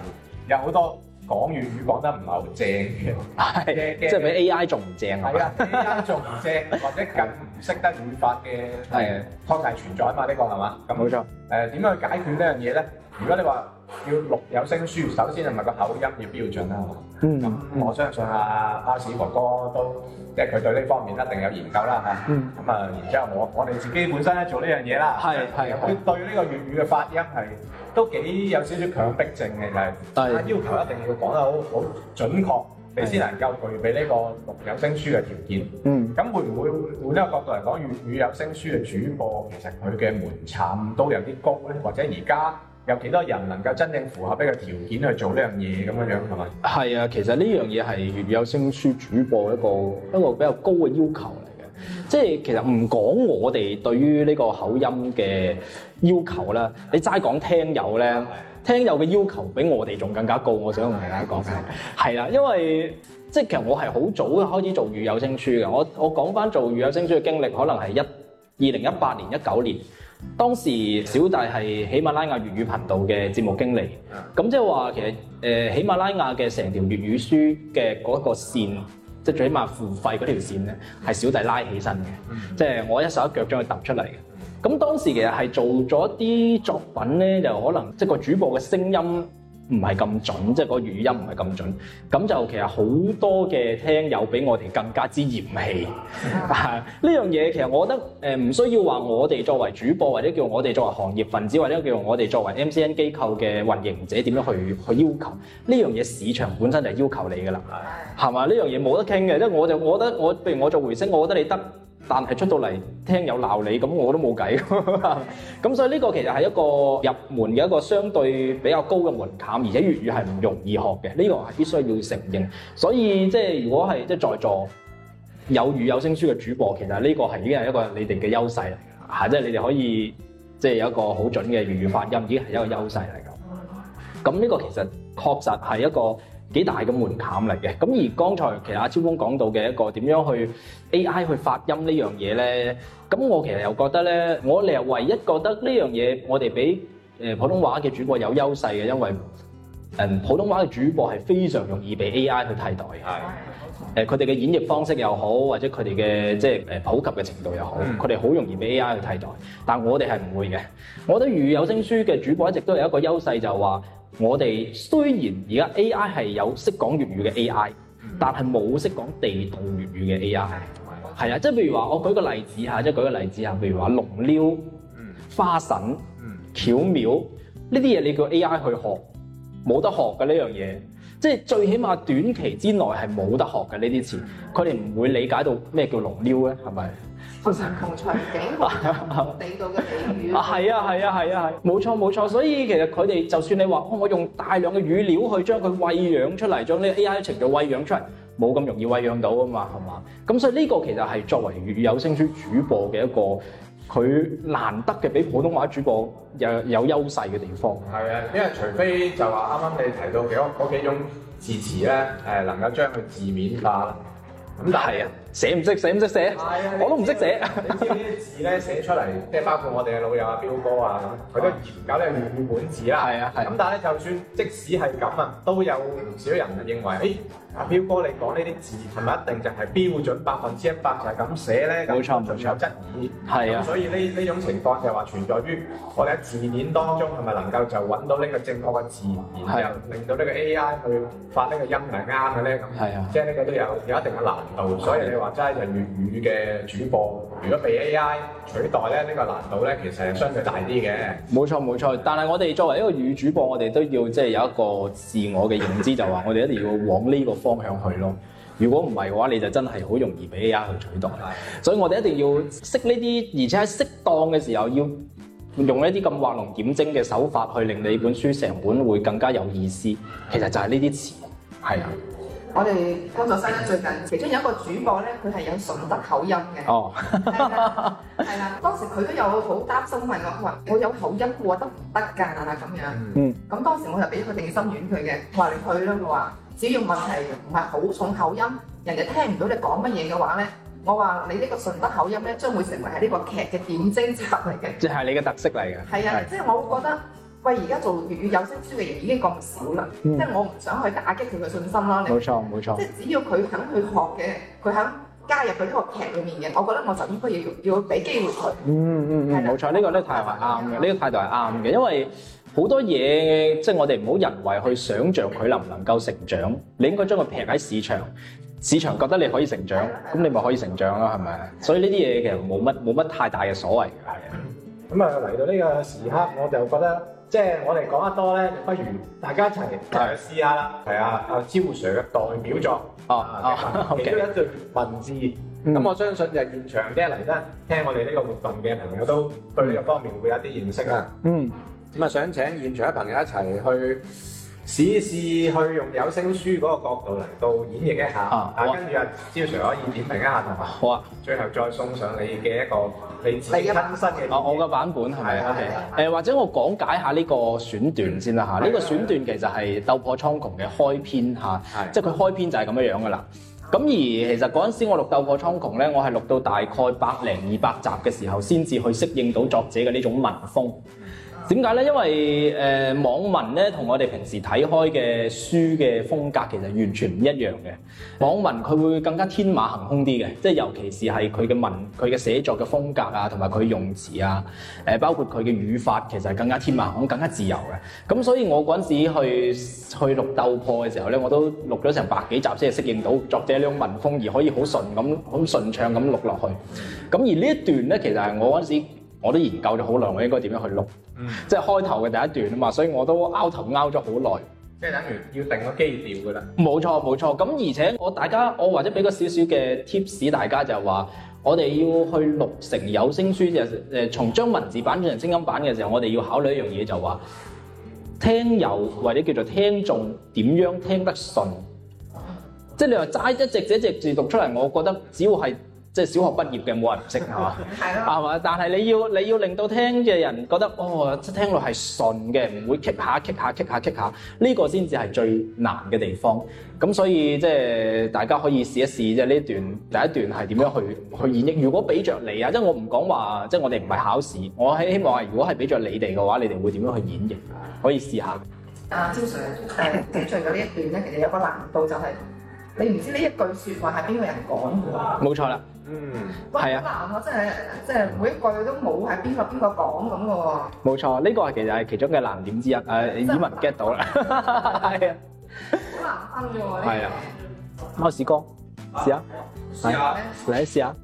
有好多講粵語講得唔係好正嘅，係，即係比 AI 仲唔正係啊？AI 仲唔正，或者更唔識得語法嘅，係，框架存在啊嘛？呢個係嘛？咁冇錯。誒，點樣去解決呢樣嘢咧？如果你話。要錄有聲書，首先係咪個口音要標準啦？嗯，咁我相信阿巴士哥哥都，即係佢對呢方面一定有研究啦嚇。嗯，咁啊，然之後我我哋自己本身咧做呢樣嘢啦，係係，佢對呢個粵語嘅發音係都幾有少少強迫症嘅，就係是要求一定要講得好好對準確，你先是能夠具備呢個錄有聲書嘅條件。嗯，咁會唔會換一個角度嚟講，粵語有聲書嘅主播其實佢嘅門檻都有啲高咧，或者而家？有幾多人能夠真正符合呢個條件去做呢樣嘢，咁樣樣係咪？係啊，其實呢樣嘢係粵語有聲書主播一個一個比較高嘅要求嚟嘅。即係其實唔講我哋對於呢個口音嘅要求啦，嗯、你齋講聽友咧，嗯、聽友嘅要求比我哋仲更加高。嗯、我想同大家講嘅係啦，嗯嗯、因為即係其實我係好早開始做粵語有聲書嘅。我我講翻做粵語有聲書嘅經歷，可能係一二零一八年、一九年。當時小弟係喜馬拉雅粵語頻道嘅節目經理，咁即係話其實誒、呃、喜馬拉雅嘅成條粵語書嘅嗰個線，即係最起碼付費嗰條線咧，係小弟拉起身嘅，即係我一手一腳將佢揼出嚟嘅。咁當時其實係做咗啲作品咧，就可能即係個主播嘅聲音，唔係咁準，即係個語音唔係咁準，咁就其實好多嘅聽友比我哋更加之嫌棄。呢樣嘢其實我覺得誒唔需要話我哋作為主播或者叫我哋作為行業分子或者叫我哋作為 M C N 機構嘅運營者點樣去去要求呢樣嘢，市場本身就係要求你㗎啦，係嘛？ <laughs> 呢樣嘢冇得傾嘅，即係我就我覺得我，譬如我做回聲，我覺得你得。但係出到嚟聽有鬧你，咁我都冇計。咁 <laughs> 所以呢個其實係一個入門嘅一個相對比較高嘅門檻，而且粵語係唔容易學嘅，呢個係必須要承認。所以即係如果係即係在座有粵語有聲書嘅主播，其實呢個係已經係一個你哋嘅優勢嚟嘅，係即係你哋可以即係有一個好準嘅粵語發音，已經係一個優勢嚟㗎。咁呢個其實確實係一個，幾大嘅門檻嚟嘅，咁而剛才其實阿超鋒講到嘅一個點樣去 AI 去發音呢樣嘢咧，咁我其實又覺得咧，我嚟唯一覺得呢樣嘢我哋比誒普通話嘅主播有優勢嘅，因為誒普通話嘅主播係非常容易被 AI 去替代，係誒佢哋嘅演繹方式又好，或者佢哋嘅即係誒普及嘅程度又好，佢哋好容易被 AI 去替代，但係我哋係唔會嘅，我覺得如有聲書嘅主播一直都有一個優勢就係話，是。我哋雖然而家 AI 係有識講粵語嘅 AI，但係冇識講地道粵語嘅 AI。係啊，即係譬如話，我舉個例子嚇，即係舉個例子嚇，譬如話龍撩、花神、巧妙呢啲嘢，你叫 AI 去學，冇得學嘅呢樣嘢。即係最起碼短期之內係冇得學嘅呢啲詞，佢哋唔會理解到咩叫龍撩咧，係咪？同財景頂到嘅頂魚啊！係啊！係啊！係啊！係冇錯冇錯，所以其實佢哋就算你話哦，我用大量嘅語料去將佢喂養出嚟，將呢個 AI 程序喂養出嚟，冇咁容易喂養到啊嘛，係嘛？咁所以呢個其實係作為粵語有聲書主,主播嘅一個佢難得嘅比普通話主播有有優勢嘅地方。係啊，因為除非就話啱啱你提到幾多嗰幾種字詞咧，誒、呃、能夠將佢字面化咁，但、嗯、係啊。寫唔識，寫唔識寫，我都唔識寫。你知呢啲字咧寫出嚟，即係 <laughs> 包括我哋嘅老友啊、彪哥啊，佢都研究咧原本字啦。係啊，咁但係咧，就算即使係咁啊，都有唔少人認為，誒的。欸阿彪哥，你講呢啲字係咪一定就係標準百分之一百就係咁寫咧？冇錯，仲有質疑。係啊錯，所以呢呢種情況就話存在於我哋喺字典當中係咪能夠就揾到呢個正確嘅字，然後的的令到呢個 AI 去發個呢個音係啱嘅咧？係啊的，即係呢個都有有一定嘅難度。的所以你話齋就粵語嘅主播。如果被 A I 取代咧，呢個難度咧其實相對大啲嘅。冇錯冇錯，但係我哋作為一個女主播，我哋都要即係有一個自我嘅認知， <laughs> 就話我哋一定要往呢個方向去咯。如果唔係嘅話，你就真係好容易俾 A I 去取代。 <laughs> 所以我哋一定要識呢啲，而且喺適當嘅時候要用一啲咁畫龍點睛嘅手法，去令你本書成本會更加有意思。其實就係呢啲詞係啊。我哋工作室咧最近，其中有一個主播咧，佢係有順德口音嘅。哦、oh. <laughs> 係啦，當時佢都有好擔心問我，喂，我有口音嘅話得唔得㗎？嗱咁樣。嗯。咁當時我就俾佢定心丸佢嘅，我話你去啦，我話只要問題唔係好重口音，人哋聽唔到你講乜嘢嘅話咧，我話你呢個順德口音咧，將會成為係呢個劇嘅點睛之筆嚟嘅。即係你嘅特色嚟嘅。係啊，即係我會覺得。喂，而家做粵語有聲書嘅人已經咁少啦，即係、嗯、我唔想去打擊佢嘅信心啦。冇錯冇錯，即係只要佢肯去學嘅，佢肯加入佢呢個劇裏面嘅，我覺得我就應該要要俾機會佢。嗯嗯嗯，冇錯，呢個呢個態度係啱嘅，呢個態度係啱嘅，因為好多嘢即係我哋唔好人為去想像佢能唔能夠成長，你應該將佢劈喺市場，市場覺得你可以成長，咁你咪可以成長咯，係咪？所以呢啲嘢其實冇乜冇乜太大嘅所謂嘅，係啊。咁啊嚟到呢個時刻，我就覺得。即係我哋講得多咧，不如大家一齊去試下啦。係啊，阿 j s p r 嘅代表作，其中一段文字。咁、嗯、我相信就現場啲嚟聽，我哋呢個活動嘅朋友都對呢個方面會有啲認識啦。嗯，咁啊、嗯嗯、想請現場嘅朋友一齊去，試試去用有聲書嗰個角度嚟到演繹一下，啊，跟住阿招 Sir 可以點評一下，好啊。最後再送上你嘅一個你自己更新嘅，啊，我嘅版本係咪？誒，或者我講解下呢個選段先啦嚇。呢個選段其實係《鬥破蒼穹》嘅開篇嚇，即係佢開篇就係咁樣樣㗎啦。咁而其實嗰陣時我錄《鬥破蒼穹》咧，我係錄到大概百零二百集嘅時候，先至去適應到作者嘅呢種文風。點解咧？因為誒、呃、網文咧，同我哋平時睇開嘅書嘅風格其實完全唔一樣嘅。網文佢會更加天馬行空啲嘅，即係尤其是係佢嘅文、佢嘅寫作嘅風格啊，同埋佢用詞啊，誒、呃、包括佢嘅語法，其實係更加天馬行空，更加自由嘅。咁所以我嗰陣時去去錄鬥破嘅時候咧，我都錄咗成百幾集先係適應到作者呢種文風，而可以好順咁、好順暢咁錄落去。咁而呢一段咧，其實係我嗰陣時。我都研究咗好耐，我應該點樣去錄？嗯、即係開頭嘅第一段啊嘛，所以我都拗頭拗咗好耐。即係等於要定個基調噶啦。冇錯，冇錯。咁而且我大家，我或者俾個少少嘅貼士，大家就係話，我哋要去錄成有聲書，就、呃、誒從將文字版轉成聲音版嘅時候，我哋要考慮一樣嘢，就話聽友或者叫做聽眾點樣聽得順。嗯、即係你話齋一隻字一隻字讀出嚟，我覺得只要係。即係小學畢業嘅冇人唔識係嘛，係咯，係嘛？但係你要你要令到聽嘅人覺得哦，即係聽落係順嘅，唔會棘下棘下棘下棘下，呢、這個先至係最難嘅地方。咁所以即係大家可以試一試即係呢一段第一段係點樣去去演繹。如果俾着你啊，因為我唔講話，即係我哋唔係考試，我希希望係如果係俾着你哋嘅話，你哋會點樣去演繹？可以試下。阿招瑞誒，最緊要呢一段咧，其實有個難度就係、是、你唔知呢一句説話係邊個人講嘅。冇 <laughs> 錯啦、啊。嗯，係啊， <noise> 真係即係每一句都冇係邊個邊個講咁噶喎。冇錯，呢個係其實係其中嘅難點之一，誒、呃，耳聞 get 到啦，係啊，好難分嘅喎，係啊，貓屎哥，是啊，係啊，試下。啊？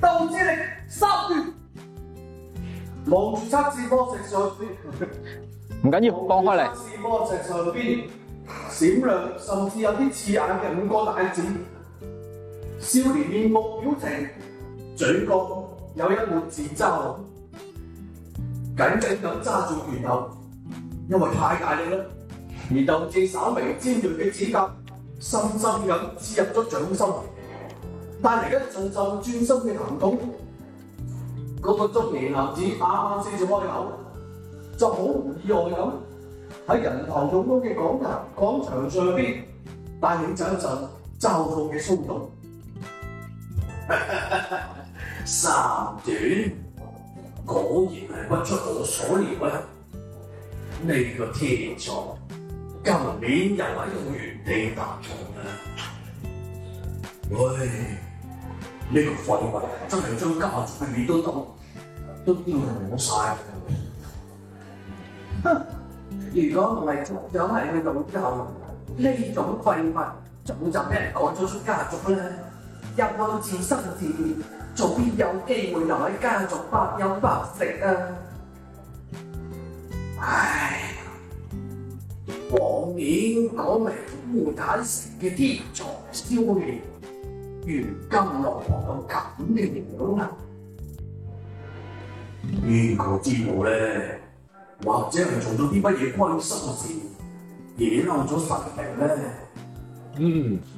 鬥之力，三段，望住測試波石上邊，唔緊要，放開嚟。測試波石上邊閃亮，甚至有啲刺眼嘅五個大字。少年面目表情，嘴角有一抹自嘲，緊緊咁揸住拳頭，因為太大力啦，而導致稍微尖銳嘅指甲深深咁刺入咗掌心，帶嚟一陣陣鑽心嘅疼痛。嗰、那個中年男子啱啱先至開口，就好唔意外咁喺人頭涌涌嘅廣場廣場上邊，帶起一陣陣嘲諷嘅騷動。三段，果然係不出我所料啊！呢個天才今年又係喺原地踏步啦。喂，呢個廢物真係將家族嘅面都擋都丟晒。哼，如果唔係族長係佢老豆，呢種廢物早就俾人趕咗出家族啦。一安自生自滅，做邊有機會留喺家族白飲白食啊！唉，往年嗰名烏坦城嘅天才少年，如今落嚟咁嘅樣啊！邊個知道咧？或者係做咗啲乜嘢虧心事，惹怒咗神明咧？嗯。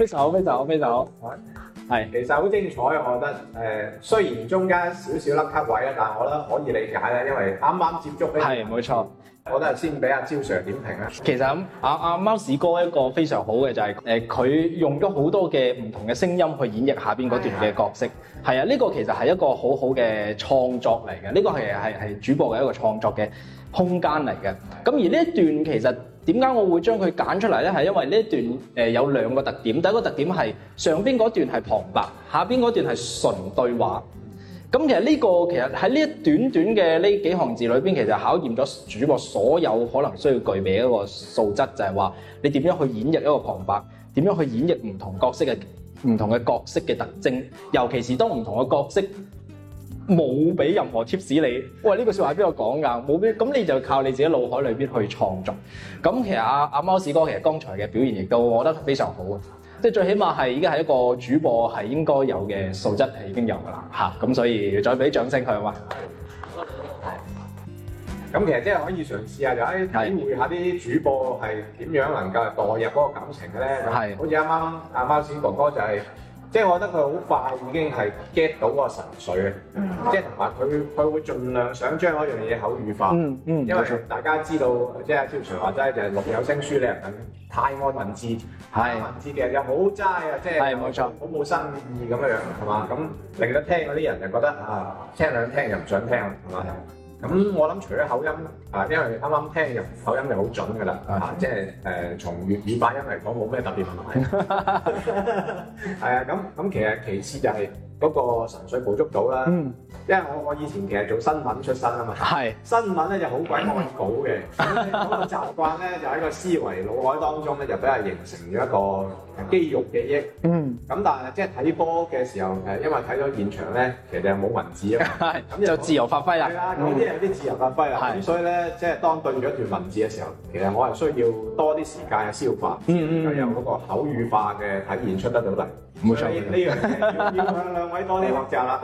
非常好，非常好，非常好。係，其實好精彩，我覺得，誒，雖然中間少少凹卡位啦，但係我覺得可以理解咧，因為啱啱接觸咧。係，冇錯。我都係先俾阿招 sir 點評啦。其實咁，阿阿貓屎哥一個非常好嘅就係，是，誒，呃，佢用咗好多嘅唔同嘅聲音去演繹下邊嗰段嘅角色。係啊，呢，啊這個其實係一個好好嘅創作嚟嘅，呢，這個係係係主播嘅一個創作嘅空間嚟嘅。咁是而呢一段其實。點解我會將佢揀出嚟呢？係因為呢一段誒有兩個特點，第一個特點係上邊嗰段係旁白，下邊嗰段係純對話。咁其實呢個其實喺呢一短短嘅呢幾行字裏邊，其實考驗咗主播所有可能需要具備嘅一個素質，就係話你點樣去演繹一個旁白，點樣去演繹唔同角色嘅唔同嘅角色嘅特徵，尤其是當唔同嘅角色。冇俾任何 tips 你，喂呢句説話喺邊個講㗎？冇俾咁你就靠你自己腦海裏邊去創作。咁其實阿、啊、阿貓屎哥其實剛才嘅表現亦都我覺得非常好啊，即係最起碼係已經係一個主播係應該有嘅素質係已經有㗎啦嚇。咁所以再俾掌聲佢好嘛？咁是是其實即係可以嘗試下就誒體會下啲主播係點樣能夠代入嗰個感情嘅咧。係是，好似啱啱，阿貓屎哥哥就係、是。即係我覺得佢好快已經係 get 到嗰個神髓，嘅，即係同埋佢佢會盡量想將嗰樣嘢口語化，嗯嗯、因為大家知道，即係阿超除話齋就錄有聲書唔咁太安文字係文字嘅又好齋啊，即係冇錯，好冇新意咁樣樣，係嘛？咁、嗯、令到聽嗰啲人就覺得啊，聽兩聽又唔想聽，係嘛？咁我諗除咗口音，因為啱啱聽口音就好準㗎喇，嗯、啊，即係誒，從、呃、粵語發音嚟講冇咩特別問題，係啊， <laughs> <laughs> 咁咁其實其次就係、是。嗰個純粹捕捉到啦，因為我我以前其實做新聞出身啊嘛，新聞咧就好鬼愛稿嘅，嗰個習慣咧就喺個思維腦海當中咧就比較形成咗一個肌肉記憶，咁但係即係睇波嘅時候誒，因為睇咗現場咧，其實係冇文字啊嘛，咁就自由發揮啦，啲有啲自由發揮啊，所以咧即係當對住一段文字嘅時候，其實我係需要多啲時間去消化，就有嗰個口語化嘅體現出得到嚟。冇錯，呢樣 <laughs> 兩位多啲學習啦。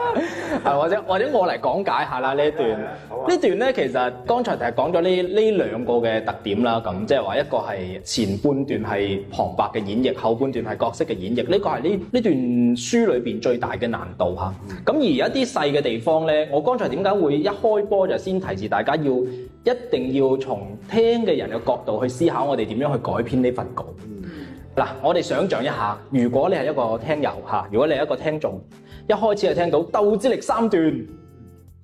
係或者或者我嚟講解下啦呢一段， <laughs> 段呢段咧，其實剛才就係講咗呢呢兩個嘅特點啦。咁即係話一個係前半段係旁白嘅演繹，後半段係角色嘅演繹。呢、呢個係呢呢段書裏邊最大嘅難度嚇。咁而一啲細嘅地方咧，我剛才點解會一開波就先提示大家要一定要從聽嘅人嘅角度去思考，我哋點樣去改編呢份稿？嗱，我哋想象一下，如果你係一個聽友嚇，如果你係一個聽眾，一開始就聽到鬥之力三段，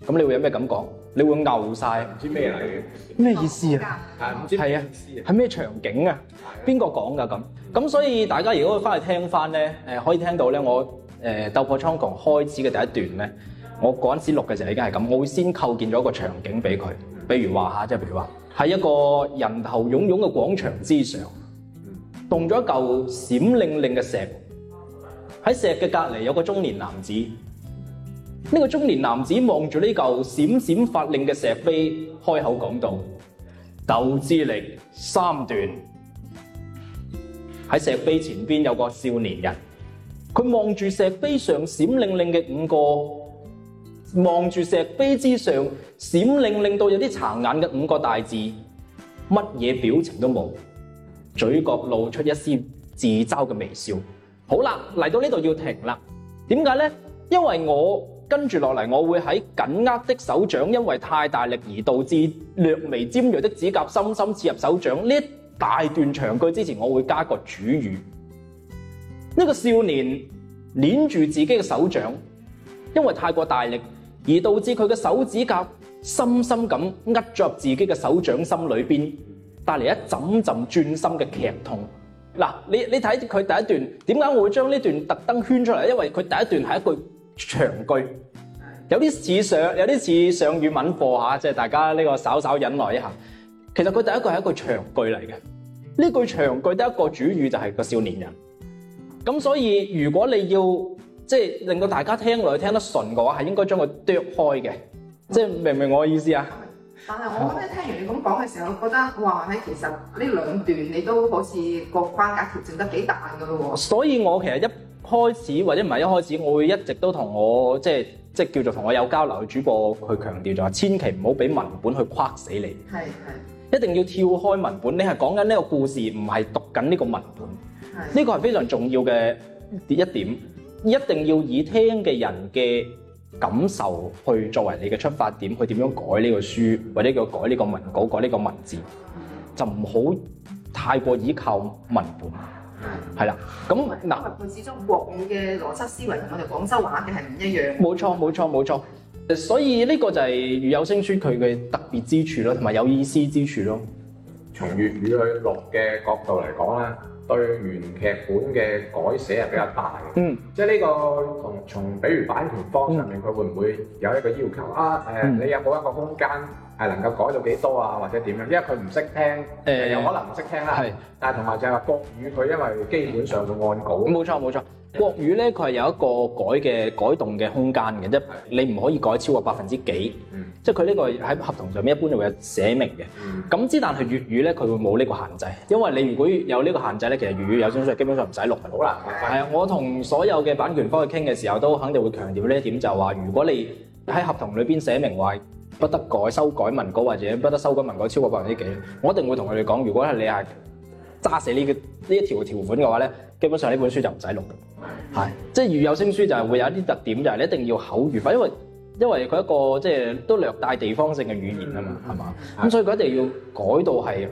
咁你會有咩感覺？你會牛晒，唔知咩嚟嘅？咩意思啊？係、哦、是啊，係咩、啊、場景啊？邊個講噶咁？咁所以大家如果翻去聽翻咧，誒可以聽到咧，我、呃、誒《鬥破蒼穹》開始嘅第一段咧，我嗰陣時錄嘅時候已經係咁，我會先構建咗一個場景俾佢，比如話嚇，即係譬如話，喺一個人頭湧湧嘅廣場之上。用咗一嚿閃亮亮嘅石，喺石嘅隔籬有個中年男子。呢個中年男子望住呢嚿閃閃發亮嘅石碑，開口講道：鬥之力，三段。喺石碑前邊有個少年人，佢望住石碑上閃亮亮嘅五個，望住石碑之上閃亮亮到有啲殘眼嘅五個大字，乜嘢表情都冇。嘴角露出一絲自嘲嘅微笑。好啦，嚟到呢度要停啦。點解呢？因為我跟住落嚟，我會喺緊握的手掌，因為太大力而導致略微尖鋭的指甲深深刺入手掌。呢一大段長句之前，我會加個主語。呢個少年捏住自己嘅手掌，因為太過大力而導致佢嘅手指甲深深咁握着自己嘅手掌心裏邊。帶嚟一陣陣鑽心嘅劇痛。嗱，你你睇佢第一段，點解我會將呢段特登圈出嚟？因為佢第一段係一句長句，有啲似上，有啲似上語文課嚇，即係大家呢個稍稍忍耐一下。其實佢第一句係一句長句嚟嘅，呢句長句得一個主語，就係個少年人。咁所以如果你要即係令到大家聽落去聽得順嘅話，係應該將佢剁開嘅，即係明唔明我意思啊？但係，我覺得聽完你咁講嘅時候，我覺得哇！喺其實呢兩段你都好似個框架調整得幾大噶咯喎。所以我其實一開始或者唔係一開始，我會一直都同我即係即係叫做同我有交流嘅主播去強調，就係千祈唔好俾文本去框死你，係係，一定要跳開文本，你係講緊呢個故事，唔係讀緊呢個文本，呢個係非常重要嘅一點，一定要以聽嘅人嘅。感受去作為你嘅出發點，去點樣改呢個書，或者佢改呢個文稿、改呢個文字，就唔好太過依靠文本，係啦、嗯。咁嗱，佢始終國語嘅邏輯思維同我哋廣州話嘅係唔一樣。冇錯，冇錯，冇錯。所以呢個就係語有聲書佢嘅特別之處咯，同埋有，有意思之處咯。從粵語去錄嘅角度嚟講咧。對原劇本嘅改寫係比較大嘅，嗯，即係、這、呢個同從比如版權方上面，佢、嗯、會唔會有一個要求啊？誒、嗯，你有冇一個空間係能夠改到幾多啊？或者點樣？因為佢唔識聽，誒、啊、有可能唔識聽啦，係、嗯，但係同埋就係話國語佢因為基本上個按稿，冇錯，冇錯。國語咧，佢係有一個改嘅改動嘅空間嘅，即你唔可以改超過百分之幾，嗯、即係佢呢個喺合同上面一般就會寫明嘅。咁之、嗯、但係粵語咧，佢會冇呢個限制，因為你如果有呢個限制咧，其實粵語有聲書基本上唔使錄，好難。係啊，我同所有嘅版權方去傾嘅時候，都肯定會強調呢一點就，就話如果你喺合同裏邊寫明話不得改、修改文稿或者不得修改文稿超過百分之幾，我一定會同佢哋講，如果你係。揸死呢個呢一條條款嘅話咧，基本上呢本書就唔使錄嘅，的即係粵語有聲書就係會有一啲特點，就係你一定要口語化，因為因為佢一個即係都略帶地方性嘅語言啊嘛，係嘛？咁所以佢一定要改到係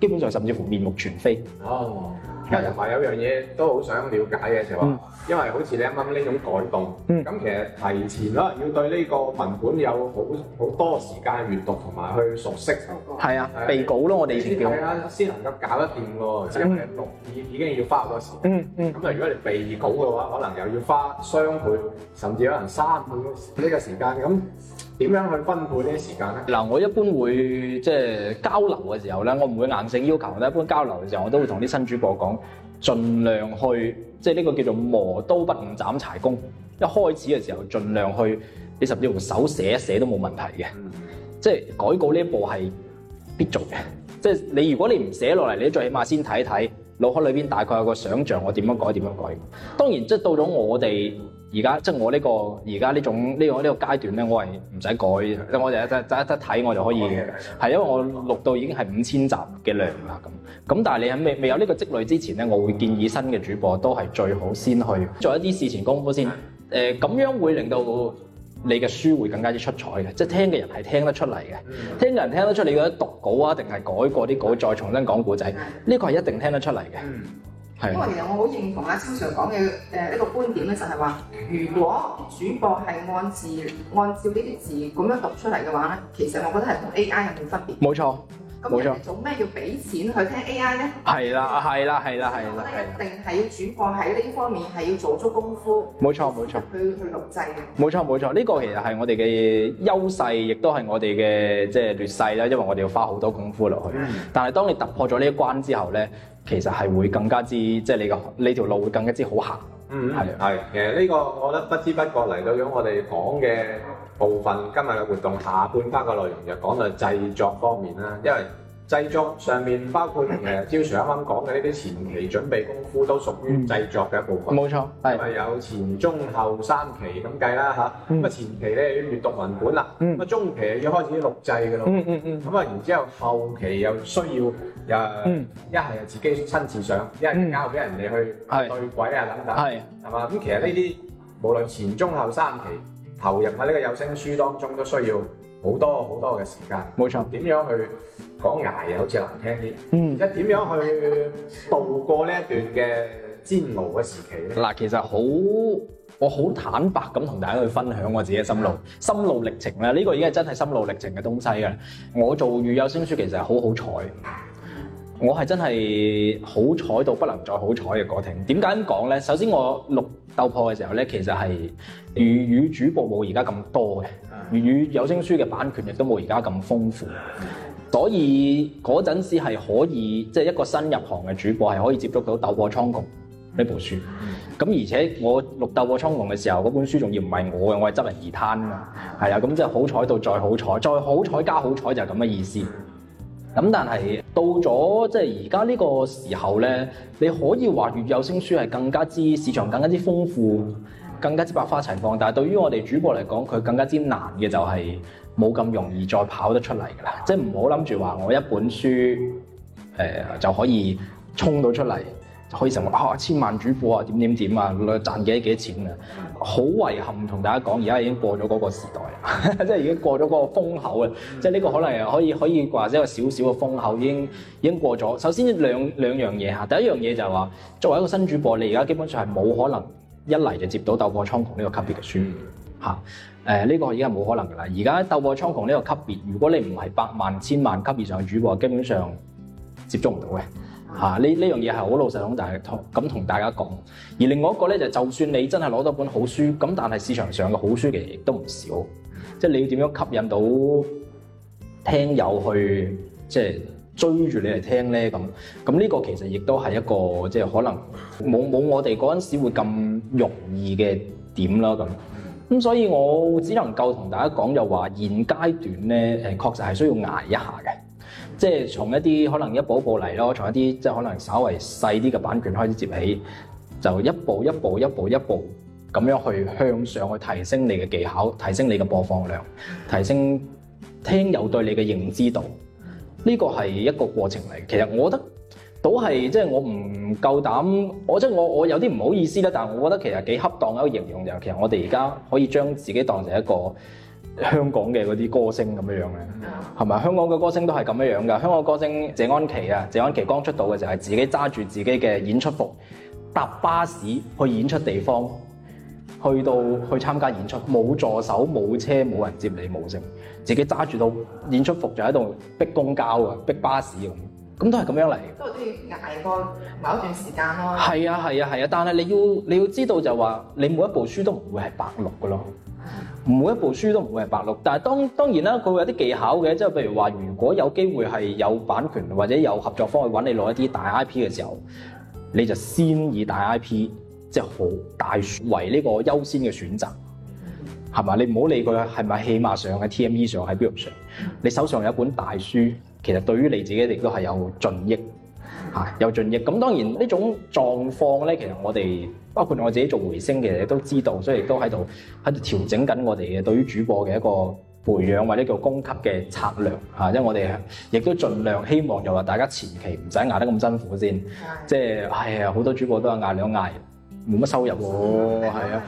基本上甚至乎面目全非哦。而家同埋有樣嘢都好想了解嘅，就話、嗯，因為好似你啱啱呢種改動，咁、嗯、其實提前啦，要對呢個文本有好好多時間閱讀同埋去熟悉，係啊，備稿咯，我哋叫先能夠搞得掂喎，即係讀已已經要花好多時間，嗯，嗯嗯，咁啊，如果你備稿嘅話，可能又要花雙倍，甚至可能三倍呢個時間咁。點樣去分配呢啲時間咧？嗱，我一般會即係、就是、交流嘅時候咧，我唔會硬性要求。一般交流嘅時候，我都會同啲新主播講，盡量去即係呢個叫做磨刀不誤砍柴工。一開始嘅時候，盡量去，你甚至用手寫一寫都冇問題嘅、嗯。即係改稿呢一步係必做嘅。即係你如果你唔寫落嚟，你最起碼先睇一睇，腦海裏邊大概有個想像，我點樣改，點樣改。當然，即係到咗我哋而家，即係我呢個而家呢種呢個呢個階段咧，我係唔使改， <noise> 我哋一睇我就可以。係 <noise> 因為我錄到已經係五千集嘅量啦咁。咁但係你喺未未有呢個積累之前咧，我會建議新嘅主播都係最好先去做一啲事前功夫先。誒、呃，咁樣會令到。你嘅書會更加之出彩嘅，即係聽嘅人係聽得出嚟嘅，聽嘅人聽得出你覺得讀稿啊，定係改過啲稿再重新講故仔，呢個係一定聽得出嚟嘅。嗯、係因為其實我好認同阿秋 Sir 講嘅誒一個觀點咧，就係話，如果主播係按字按照呢啲字咁樣讀出嚟嘅話咧，其實我覺得係同 AI 有冇分別？冇錯。冇錯，做咩要俾錢去聽 AI 咧？係啦，係啦，係啦，係啦，係。一定係要轉過喺呢方面，係要做足功夫。冇錯，冇錯，去去錄製。冇錯，冇錯，呢個其實係我哋嘅優勢，亦都係我哋嘅即係劣勢啦。因為我哋要花好多功夫落去。嗯。但係當你突破咗呢一關之後咧，其實係會更加之即係你個呢條路會更加之好行。嗯，係係，其實呢個我覺得不知不覺嚟到咗我哋講嘅部分，今日嘅活動下半翻嘅內容就講到製作方面啦，因為。製作上面包括誒，招 sir 啱啱講嘅呢啲前期準備功夫都屬於製作嘅一部分。冇錯，係因為有前中後三期咁計啦吓，咁啊、嗯、前期咧要閲讀文本啦，咁啊、嗯、中期要開始錄製嘅咯、嗯。嗯嗯嗯。咁啊然之後後期又需要誒，一係、嗯、自己親自上，一係交俾人哋去對軌啊等等。係係嘛？咁、嗯、其實呢啲無論前中後三期投入喺呢個有聲書當中，都需要好多好多嘅時間。冇錯。點樣去？ <noise> 講捱又好似難聽啲，嗯，而家點樣去度過呢一段嘅煎熬嘅時期咧？嗱，其實好，我好坦白咁同大家去分享我自己嘅心路、心路歷程咧。呢、呢個已經係真係心路歷程嘅東西嘅。我做粵語有聲書其實係好好彩，我係真係好彩到不能再好彩嘅過程。點解咁講咧？首先我錄鬥破嘅時候咧，其實係粵語主播冇而家咁多嘅，粵語有聲書嘅版權亦都冇而家咁豐富。所以嗰陣時係可以，即係一個新入行嘅主播係可以接觸到《鬥破蒼穹》呢部書。咁而且我錄《鬥破蒼穹》嘅時候，嗰本書仲要唔係我嘅，我係執人二攤啊。係啊，咁即係好彩到再好彩，再好彩加好彩就係咁嘅意思。咁但係到咗即係而家呢個時候咧，你可以話粵有聲書係更加之市場更加之豐富，更加之百花齊放。但係對於我哋主播嚟講，佢更加之難嘅就係、是。冇咁容易再跑得出嚟㗎啦，即係唔好諗住話我一本書，誒、呃、就可以衝到出嚟，就可以成為、啊、千萬主播啊點點點啊賺幾多幾多錢啊！好遺憾同大家講，而家已經過咗嗰個時代啦， <laughs> 即係已經過咗嗰個風口啊！即係呢個可能可以可以或者一個小小嘅風口已經已經過咗。首先兩兩樣嘢嚇，第一樣嘢就係話作為一個新主播，你而家基本上係冇可能一嚟就接到鬥破蒼穹呢個級別嘅書。嚇！誒呢、啊呢個已經係冇可能噶啦。而家鬥破蒼穹呢個級別，如果你唔係百萬、千萬級以上嘅主播，基本上接觸唔到嘅。嚇、啊！呢呢樣嘢係好老實同、就係、大家同咁同大家講。而另外一個咧，就就算你真係攞到本好書，咁但係市場上嘅好書其實亦都唔少。即係你要點樣吸引到聽友去即係追住你嚟聽咧？咁咁呢個其實亦都係一個即係可能冇冇我哋嗰陣時會咁容易嘅點啦。咁咁、嗯、所以，我只能夠同大家講，就話現階段咧，誒確實係需要挨一下嘅。即係從一啲可能一步一步嚟咯，從一啲即係可能稍微細啲嘅版權開始接起，就一步一步、一步一步咁樣去向上去提升你嘅技巧，提升你嘅播放量，提升聽友對你嘅認知度。呢個係一個過程嚟。其實我覺得。都係即係我唔夠膽，我即係我我有啲唔好意思啦。但係我覺得其實幾恰當一個形容，就其實我哋而家可以將自己當成一個香港嘅嗰啲歌星咁樣樣嘅，係咪，mm hmm？香港嘅歌星都係咁樣樣噶。香港歌星謝安琪啊，謝安琪剛出道嘅時候，係自己揸住自己嘅演出服，搭巴士去演出地方，去到去參加演出，冇助手、冇車、冇人接你冇聲，自己揸住到演出服就喺度逼公交啊、逼巴士咁。咁都係咁樣嚟，啊，都係要捱個捱一段時間咯。係啊係啊係啊，但係你要你要知道就話，你每一部書都唔會係白錄嘅咯。每一部書都唔會係白錄，但係當當然啦，佢會有啲技巧嘅，即係譬如話，如果有機會係有版權或者有合作方去揾你攞一啲大 IP 嘅時候，你就先以大 IP 即係好大書為呢個優先嘅選擇，係嘛？你唔好理佢係咪起碼上、喺 TME 上、喺邊度上，你手上有一本大書。其實對於你自己亦都係有盡益，嚇有盡益。咁當然種狀況呢種狀況咧，其實我哋包括我自己做回聲，其實都知道，所以亦都喺度喺度調整緊我哋嘅對於主播嘅一個培養或者叫供給嘅策略，嚇。因為我哋亦都盡量希望就話大家前期唔使捱得咁辛苦先，即係哎呀好多主播都係捱兩捱。冇乜收入喎，係啊，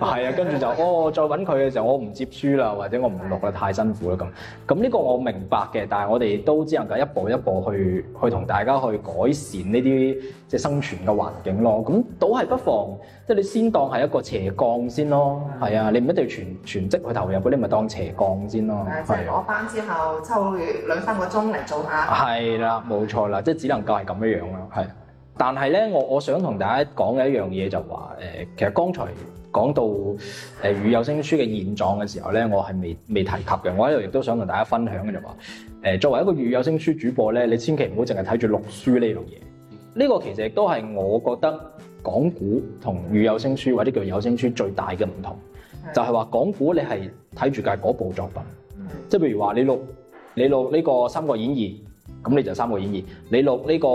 係啊，跟住就哦，再揾佢嘅時候，我唔接書啦，或者我唔錄啦，太辛苦啦咁。咁呢個我明白嘅，但係我哋都只能夠一步一步去去同大家去改善呢啲即係生存嘅環境咯。咁倒係不妨，即係你先當係一個斜槓先咯。係啊，你唔一定全全職去投入，你咪當斜槓先咯。係即係落班之後抽兩三個鐘嚟做下。係啦，冇錯啦，即係只能夠係咁樣樣咯，係，嗯。但係咧，我我想同大家講嘅一樣嘢就話、是，誒、呃，其實剛才講到誒語、呃、有聲書嘅現狀嘅時候咧，我係未未提及嘅。我喺度亦都想同大家分享嘅就話、是，誒、呃，作為一個粵語有聲書主播咧，你千祈唔好淨係睇住錄書呢樣嘢。呢、這個其實亦都係我覺得講古同粵語有聲書或者叫有聲書最大嘅唔同，的就係話講古你係睇住嘅係嗰部作品，的即係譬如話你錄你錄呢個《三國演義》。咁你就《三國演義》，你錄呢個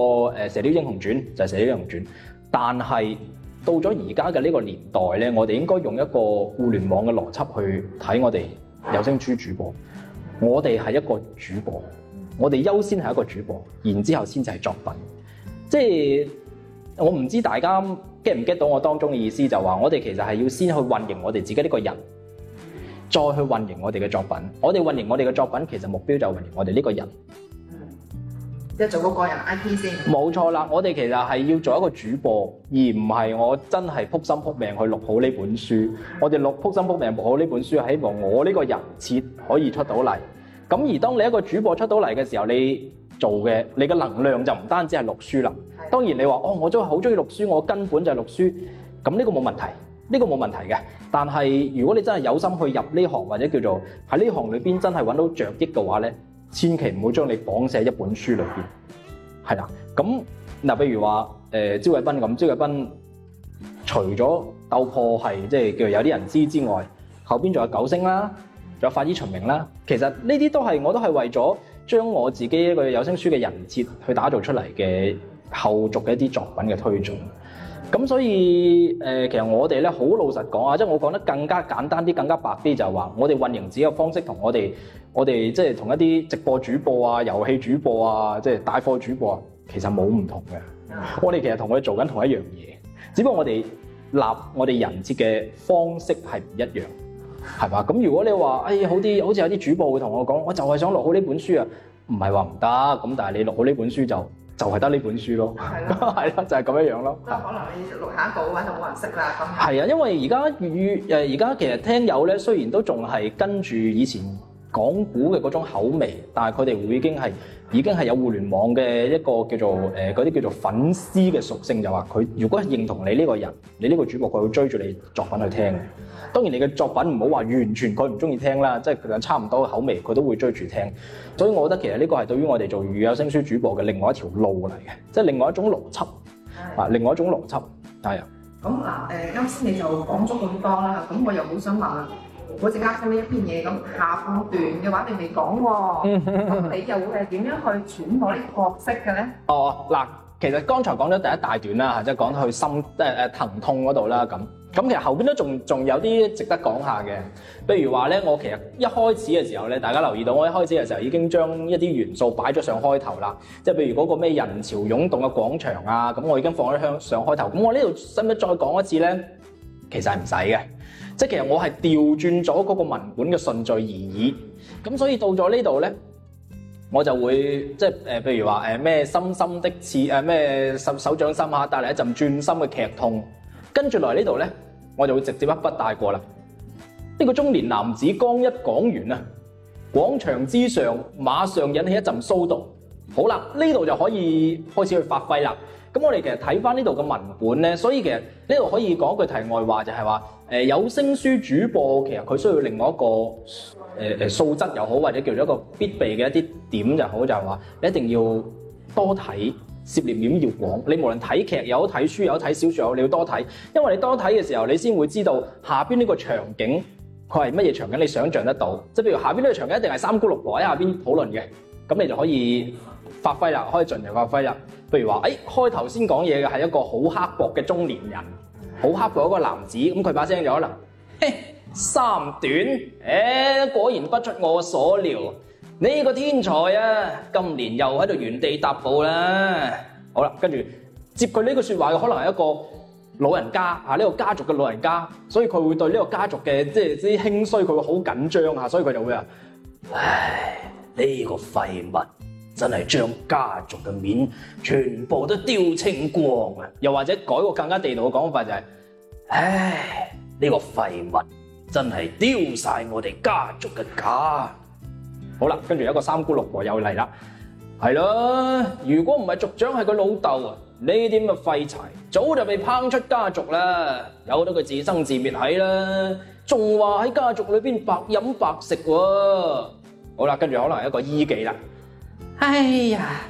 誒《射雕英雄傳》就係《射雕英雄傳》，但係到咗而家嘅呢個年代咧，我哋應該用一個互聯網嘅邏輯去睇我哋有聲書主播。我哋係一個主播，我哋優先係一個主播，然之後先至係作品。即係我唔知大家 get 唔 get 到我當中嘅意思，就話我哋其實係要先去運營我哋自己呢個人，再去運營我哋嘅作品。我哋運營我哋嘅作品，其實目標就係運營我哋呢個人。即係做嗰個人 IP 先，冇錯啦！我哋其實係要做一個主播，而唔係我真係撲心撲命去錄好呢本書。我哋錄撲心撲命錄好呢本書，係希望我呢個人設可以出到嚟。咁而當你一個主播出到嚟嘅時候，你做嘅你嘅能量就唔單止係錄書啦。當然你話哦，我都好中意錄書，我根本就係錄書。咁呢個冇問題，呢個冇問題嘅。但係如果你真係有心去入呢行，或者叫做喺呢行裏邊真係揾到著益嘅話咧。千祈唔好將你綁寫一本書裏邊，係啦。咁嗱，譬如話誒，招、呃、繼斌咁，招繼斌除咗《鬥破系》係即係叫有啲人知之外，後邊仲有《九星》啦，仲有《法醫秦明》啦。其實呢啲都係我都係為咗將我自己一個有聲書嘅人設去打造出嚟嘅後續嘅一啲作品嘅推進。咁所以誒、呃，其實我哋咧好老實講啊，即、就、係、是、我講得更加簡單啲、更加白啲，就係話我哋運營自己嘅方式同我哋。我哋即係同一啲直播主播啊、遊戲主播啊、即係帶貨主播啊，其實冇唔同嘅。Yeah. 我哋其實同佢做緊同一樣嘢，只不過我哋立我哋人設嘅方式係唔一樣，係嘛？咁如果你話誒好啲，好似有啲主播會同我講，我就係想錄好呢本書啊，唔係話唔得咁，但係你錄好呢本書就就係得呢本書咯，係咯，就係咁樣樣咯。即係可能你錄下一個嘅話就冇人識啦咁。係啊，因為而家粵語誒，而家其實聽友咧，雖然都仲係跟住以前。講古嘅嗰種口味，但係佢哋會已經係已經係有互聯網嘅一個叫做誒嗰啲叫做粉絲嘅屬性，就話、是、佢如果係認同你呢個人，你呢個主播佢會追住你作品去聽。當然你嘅作品唔好話完全佢唔中意聽啦，即係佢有差唔多嘅口味佢都會追住聽。所以我覺得其實呢個係對於我哋做粵語有聲書主播嘅另外一條路嚟嘅，即係另外一種邏輯的啊，另外一種邏輯係啊。咁嗱誒，啱先、呃、你就講咗咁多啦，咁我又好想問。我淨啱咗呢一邊嘢咁，下半段嘅話你未講喎，咁你又會係點樣去揣摩啲角色嘅咧？哦，嗱，其實剛才講咗第一大段啦，即係講佢心，即係誒疼痛嗰度啦，咁咁其實後邊都仲仲有啲值得講下嘅，譬如話咧，我其實一開始嘅時候咧，大家留意到我一開始嘅時候已經將一啲元素擺咗上開頭啦，即係譬如嗰個咩人潮湧動嘅廣場啊，咁我已經放咗向上開頭，咁我呢度使唔使再講一次咧？其實係唔使嘅。即係其實我係調轉咗嗰個文本嘅順序而已，咁所以到咗呢度咧，我就會即係誒，譬、呃、如話誒咩深深」呃、心心的刺誒咩手手掌心下、啊、帶嚟一陣鑽心嘅劇痛，跟住落嚟呢度咧，我就會直接一筆帶過啦。呢、呢個中年男子剛一講完啊，廣場之上馬上引起一陣騷動。好啦，呢度就可以開始去發揮啦。咁我哋其實睇翻呢度嘅文本咧，所以其實呢度可以講句題外話就，就係話誒有聲書主播其實佢需要另外一個誒誒、呃、素質又好，或者叫做一個必備嘅一啲點就好，就係、是、話你一定要多睇，涉獵面要廣，你無論睇劇又好，睇書又好，睇小説又好，你要多睇，因為你多睇嘅時候，你先會知道下邊呢個場景佢係乜嘢場景，你想象得到。即係譬如下邊呢個場景一定係三姑六婆喺下邊討論嘅，咁你就可以發揮啦，可以盡量發揮啦。譬如話，誒開頭先講嘢嘅係一個好刻薄嘅中年人，好刻薄一個男子，咁佢把聲就可能，嘿三短，誒，果然不出我所料，呢個天才啊，今年又喺度原地踏步啦。好啦，跟住接佢呢句說話嘅可能係一個老人家，啊，呢個家族嘅老人家，所以佢會對呢個家族嘅即係啲興衰，佢會好緊張啊，所以佢就會啊，唉呢個廢物。真係將家族嘅面全部都丟清光啊！又或者改個更加地道嘅講法就係、是：，唉，呢、這個廢物真係丟晒我哋家族嘅架。好啦，跟住有一個三姑六婆又嚟啦，係咯，如果唔係族長係佢老豆啊，呢啲咁嘅廢柴早就被烹出家族啦，由得佢自生自滅喺啦，仲話喺家族裏邊白飲白食、啊。好啦，跟住可能係一個醫技啦。哎呀！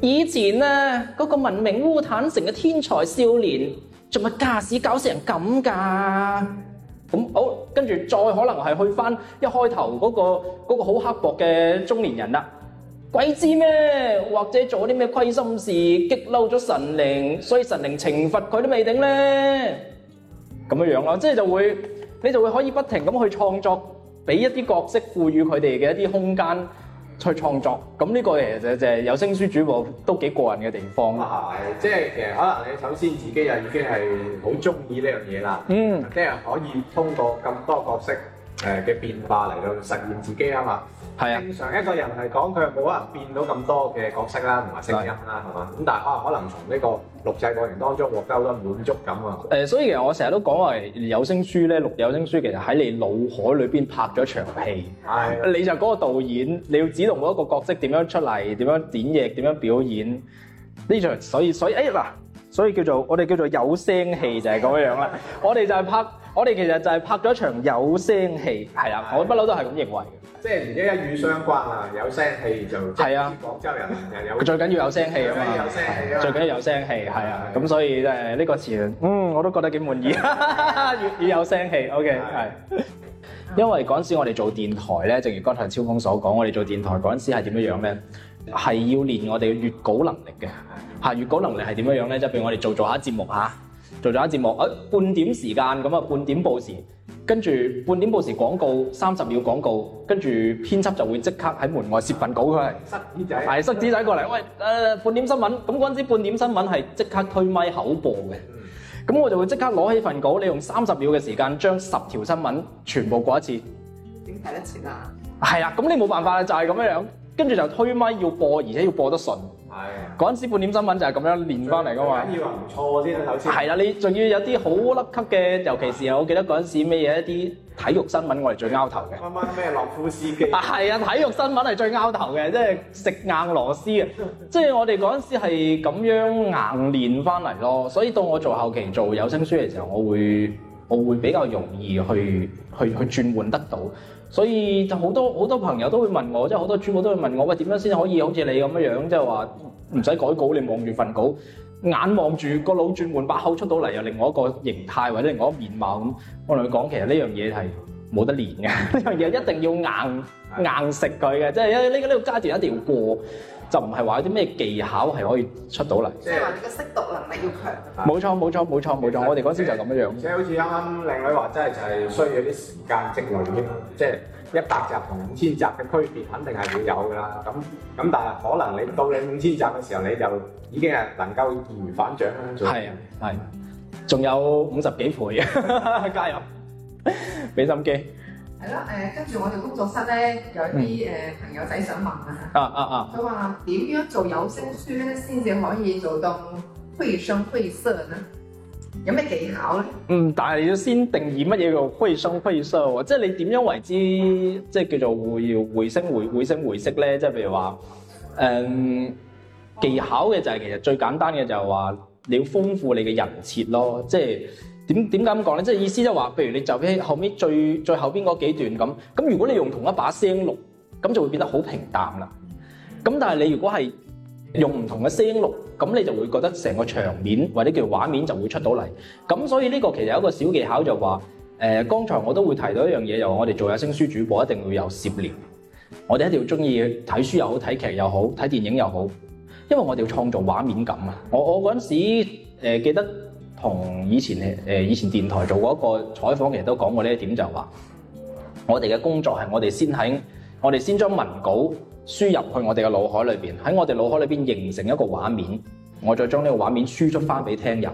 以前啊，嗰、那個文明烏坦城嘅天才少年，仲係駕駛搞成咁噶、啊？咁、嗯、好，跟住再可能係去翻一開頭嗰、那個、那個好刻薄嘅中年人啦，鬼知咩？或者做啲咩虧心事，激嬲咗神靈，所以神靈懲罰佢都未定咧，咁樣樣、啊、咯，即係就會，你就會可以不停咁去創作，俾一啲角色賦予佢哋嘅一啲空間。去創作咁呢、呢個誒就就係有聲書主播都幾過癮嘅地方咯，係即係其實可能你首先自己又已經係好中意呢樣嘢啦，嗯，即係可以通過咁多角色誒嘅變化嚟到實現自己啊嘛。係啊！正常一個人係講佢冇可能變到咁多嘅角色啦，同埋聲音啦，係嘛的？咁但係可能可能從呢個錄製過程當中獲得好多滿足感啊！誒、呃，所以其實我成日都講話有聲書咧，錄有聲書其實喺你腦海裏邊拍咗場戲。的你就嗰個導演，你要指導每一個角色點樣出嚟，點樣演繹，點樣表演呢場，所以所以誒嗱。哎所以叫做我哋叫做有聲氣就係咁樣樣啦。我哋就係拍，我哋其實就係拍咗一場有聲氣，係啦。我不嬲都係咁認為嘅。即係唔一一語相關啊，有聲氣就係啊。廣州人就有，最緊要有聲氣啊嘛。最緊要有聲氣，係啊。咁所以即呢個詞，嗯，我都覺得幾滿意。粵語有聲氣，OK，係。因為嗰陣時我哋做電台咧，正如剛才超鋒所講，我哋做電台嗰陣時係點樣樣咧？係要練我哋嘅閱稿能力嘅，吓閱的稿能力係點樣樣咧？即係俾我哋做做下節目吓，做做下節目，誒、啊、半點時間咁啊，半點報時，跟住半點報時廣告，三十秒廣告，跟住編輯就會即刻喺門外攝份稿佢，哎，塞紙仔係塞紙仔過嚟喂，誒、呃、半點新聞咁，嗰陣時半點新聞係即刻推咪口播嘅，咁、嗯、我就會即刻攞起份稿，你用三十秒嘅時間將十條新聞全部過一次，點睇得切啊？係啊，咁你冇辦法啊，就係咁樣樣。跟住就推咪要播，而且要播得順。係的。嗰陣時半點新聞就係咁樣練翻嚟噶嘛。梗要啊，唔錯嗰啲頭先。係啦，你仲要有啲好甩級嘅，尤其是我記得嗰陣時咩嘢一啲體育新聞我係最拗頭嘅。乜乜咩洛夫斯基？啊係啊，體育新聞係最拗頭嘅，即係食硬螺絲啊！即係 <laughs> 我哋嗰陣時係咁樣硬練翻嚟咯，所以到我做後期做有聲書嘅時候，我會我會比較容易去去去，去轉換得到。所以就好多好多朋友都會問我，即係好多主播都會問我，喂、哎、點樣先可以好似你咁樣樣，即係話唔使改稿，你望住份稿，眼望住個腦轉換，把口出到嚟又另外一個形態或者另外一個面貌咁。我同佢講，其實呢樣嘢係冇得練嘅，呢樣嘢一定要硬硬食佢嘅，即係呢呢個階段一定要過。就唔係話有啲咩技巧係可以出到嚟，即係話你嘅識讀能力要強。冇錯冇錯冇錯冇錯，錯錯錯其實 我哋嗰時就係咁樣樣。即係好似啱啱靚女話齋，就係需要啲時間積累先，即係一百集同五千集嘅區別，肯定係會有㗎啦。咁咁，但係可能你到你五千集嘅時候，你就已經係能夠易如反掌啦。係啊係，仲有五十幾倍， <laughs> 加油，俾 <laughs> 心機。係咯，誒，跟住我哋工作室咧有啲誒朋友仔想問啊，啊啊啊！佢話點樣做有聲書咧，先至可以做到繪聲繪色咧？有咩技巧咧？嗯，但係你要先定義乜嘢叫繪聲繪色喎，即係你點樣為之即係叫做回回聲回回聲回色咧？即係譬如話，誒、嗯、技巧嘅就係、是、其實最簡單嘅就係話你要豐富你嘅人設咯，即係。點點解咁講咧？即係意思即係話，譬如你就俾後面最最後邊嗰幾段咁。咁如果你用同一把聲錄，咁就會變得好平淡啦。咁但係你如果係用唔同嘅聲錄，咁你就會覺得成個場面或者叫畫面就會出到嚟。咁所以呢個其實有一個小技巧就話、是，誒、呃、剛才我都會提到一樣嘢，就係、是、我哋做有聲書主播一定會有涉獵。我哋一定要中意睇書又好，睇劇又好，睇電影又好，因為我哋要創造畫面感啊！我我嗰陣時誒、呃、記得。同以前誒、呃、以前電台做過一個採訪，其實都講過呢一點、就係，就話我哋嘅工作係我哋先喺我哋先將文稿輸入去我哋嘅腦海裏邊，喺我哋腦海裏邊形成一個畫面，我再將呢個畫面輸出翻俾聽友，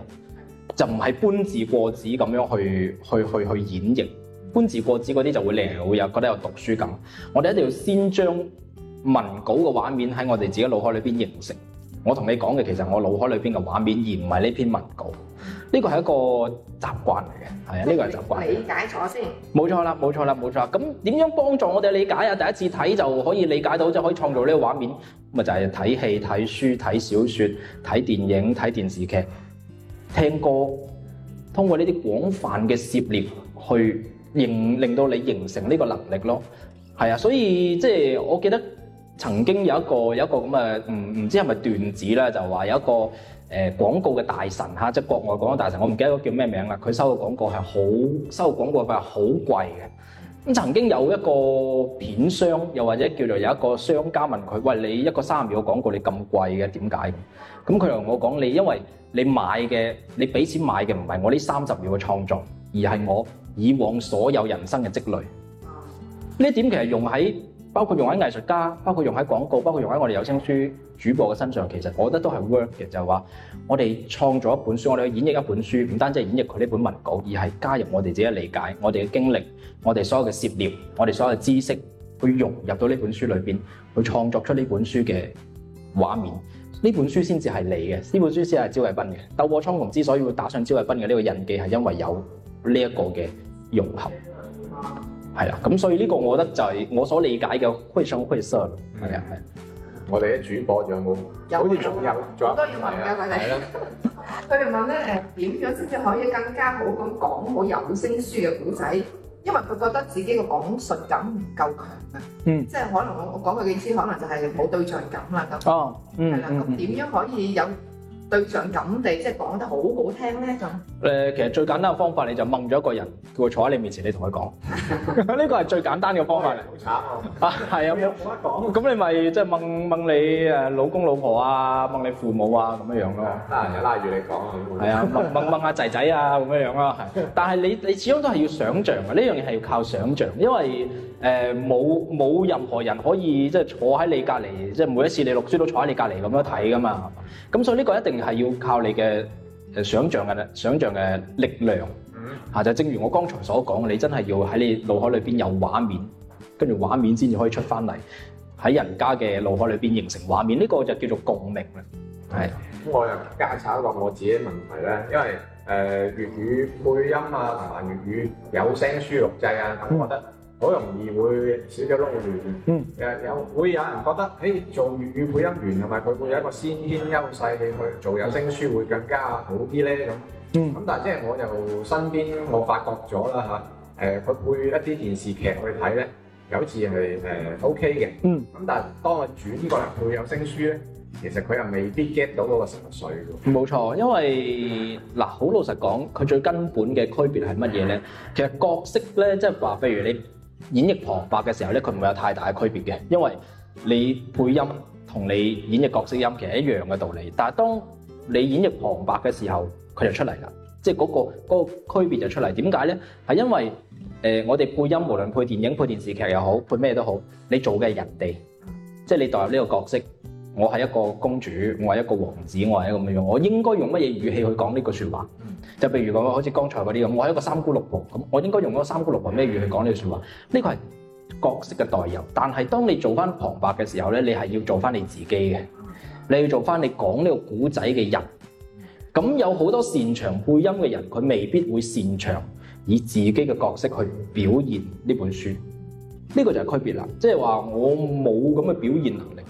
就唔係搬字過紙咁樣去去去去演繹，搬字過紙嗰啲就會令人會有覺得有讀書感。我哋一定要先將文稿嘅畫面喺我哋自己腦海裏邊形成。我同你講嘅其實我腦海裏邊嘅畫面，而唔係呢篇文稿。呢個係一個習慣嚟嘅，係啊，呢、這個係習慣。理解錯先。冇錯啦，冇錯啦，冇錯啦。咁點樣幫助我哋理解啊？第一次睇就可以理解到，就可以創造呢個畫面。咁、就、啊、是，就係睇戲、睇書、睇小說、睇電影、睇電，電視劇、聽歌，通過呢啲廣泛嘅涉獵去形令，令到你形成呢個能力咯。係啊，所以即係我記得曾經有一個有一個咁啊，唔、嗯、唔知係咪段子咧，就話有一個。誒廣告嘅大神嚇，即係國外廣告大神，我唔記得叫咩名啦。佢收個廣告係好，收嘅廣告費，係好貴嘅。咁曾經有一個片商，又或者叫做有一個商家問佢：喂，你一個三十秒嘅廣告，你咁貴嘅，點解？咁佢同我講：你因為你買嘅，你俾錢買嘅唔係我呢三十秒嘅創作，而係我以往所有人生嘅積累。呢一點其實用喺，包括用喺藝術家，包括用喺廣告，包括用喺我哋有聲書主播嘅身上，其實我覺得都係 work 嘅，就係話我哋創作一本書，我哋去演繹一本書，唔單止係演繹佢呢本文稿，而係加入我哋自己嘅理解、我哋嘅經歷、我哋所有嘅涉獵、我哋所有嘅知識，去融入到呢本書裏邊，去創作出呢本書嘅畫面。呢本書先至係你嘅，呢本書先係招繼斌嘅。《鬥破蒼穹》之所以會打上招繼斌嘅呢個印記，係因為有呢一個嘅融合。係啊，咁所以呢個，我覺得就係我所理解嘅繪聲繪色啦。係啊，係啊。我哋啲主播仲有冇？有好似仲有，我都要問嘅，係咪？佢哋問咧誒，點樣先至可以更加好咁講好有聲書嘅故仔？因為佢覺得自己嘅講述感唔夠強啊。嗯。即係可能我我講佢嘅意思，可能就係冇對象感啦咁。哦。嗯。係啦，咁點樣可以有？對象噉地，即係講得好好聽咧咁。誒，其實最簡單嘅方法，你就掹咗一個人，叫佢坐喺你面前，你同佢講，呢個係最簡單嘅方法。嚟。」好慘啊！係啊，冇得講。咁 <laughs> 你咪即係掹掹你誒老公老婆啊，掹你父母啊咁樣樣咯。得閒就拉住你講。係啊，掹掹掹下仔仔啊咁樣樣咯。係， <laughs> 但係你你始終都係要想像嘅，呢樣嘢係要靠想像，因為。誒，冇冇任何人可以即係坐喺你隔離，即係每一次你錄書都坐喺你隔離咁樣睇㗎嘛。咁所以呢個一定係要靠你嘅誒想像嘅想像嘅力量。嗯。就正如我剛才所講，你真係要喺你腦海裏邊有畫面，跟住畫面先至可以出翻嚟喺人家嘅腦海裏邊形成畫面。呢個就叫做共鳴啦。係咁，我又解答一個我自己問題咧，因為誒粵語配音啊，同埋粵語有聲書錄製啊，咁我覺得。好容易會少咗撈亂嘅，誒有、嗯、會有人覺得，誒做粵語配音員同埋佢會有一個先天優勢，你去做有聲書會更加好啲咧咁。咁、嗯、但係即係我又身邊我發覺咗啦嚇，誒、呃、佢配一啲電視劇去睇咧，麼有好似係誒 O K 嘅。呃 okay、嗯，咁但係當佢轉過嚟配有聲書咧，其實佢又未必 get 到嗰個情緒。冇錯，因為嗱好老實講，佢最根本嘅區別係乜嘢咧？嗯、其實角色咧，即係話，譬如你，演繹旁白嘅時候咧，佢唔會有太大嘅區別嘅，因為你配音同你演繹角色音其實一樣嘅道理。但係當你演繹旁白嘅時候，佢就出嚟啦，即係嗰個嗰個區別就出嚟。點解咧？係因為誒、呃，我哋配音無論配電影、配電視劇又好，配咩都好，你做嘅係人哋，即係你代入呢個角色。我係一個公主，我係一個王子，我係一個咁樣。我應該用乜嘢語氣去講呢句説話？就譬如講，好似剛才嗰啲咁，我係一個三姑六婆咁，我應該用嗰三姑六婆咩語去講呢句説話？呢個係角色嘅代入，但係當你做翻旁白嘅時候咧，你係要做翻你自己嘅，你要做翻你講呢個古仔嘅人。咁有好多擅長配音嘅人，佢未必會擅長以自己嘅角色去表現呢本書。呢個就係區別啦，即係話我冇咁嘅表現能力。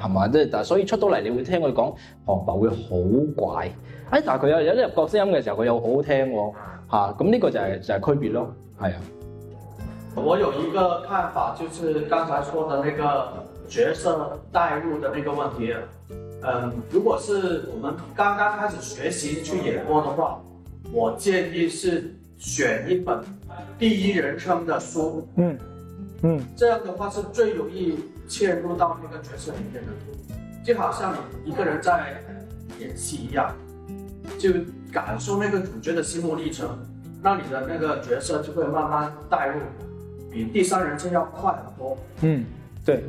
係嘛？即係但所以出到嚟，你會聽佢講旁白會好怪。哎，但係佢有有入角色音嘅時候，佢又好好聽喎、哦。咁、啊、呢、嗯這個就係、是、就係區別咯。係啊。我有一個看法，就是剛才說的那個角色代入的那個問題。嗯，如果係我們剛剛開始學習去演播的話，我建議是選一本第一人稱的書。嗯。嗯，這樣的話是最容易嵌入到那個角色裏面的，就好像你一個人在演戲一樣，就感受那個主角的心路歷程，那你的那個角色就會慢慢帶入，比第三人稱要快很多。嗯，對。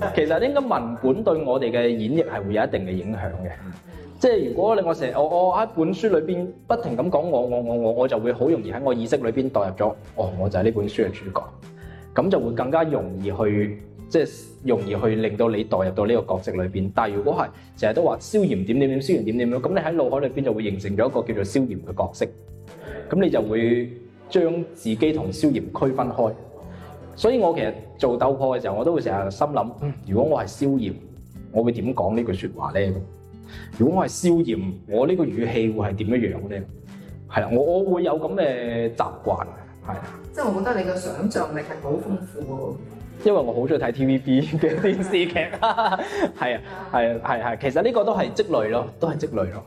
<laughs> 其實應該文本對我哋嘅演繹係會有一定嘅影響嘅。即係如果你我成日我我喺本書裏邊不停咁講我我我我，我就會好容易喺我意識裏邊代入咗，哦，我就係呢本書嘅主角，咁就會更加容易去即係容易去令到你代入到呢個角色裏邊。但係如果係成日都話蕭炎點點點，蕭炎點點點咁，點點樣你喺腦海裏邊就會形成咗一個叫做蕭炎嘅角色，咁你就會將自己同蕭炎區分開。所以我其實做鬥破嘅時候，我都會成日心諗，如果我係蕭炎，我會點講呢句説話咧？如果我係消炎，我呢個語氣會係點樣樣咧？係啦，我我會有咁嘅習慣，係啦。即係我覺得你嘅想像力係好豐富，因為我好中意睇 TVB 嘅電視劇，係啊， <laughs> <laughs> 係啊，係係。其實呢個都係積累咯，都係積累咯。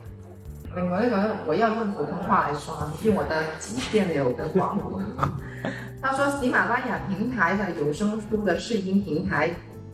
另外一個，我要用普通話來說，用我的自建流的廣告。他 <laughs> 說喜馬拉雅平台嘅有聲書嘅試音平台。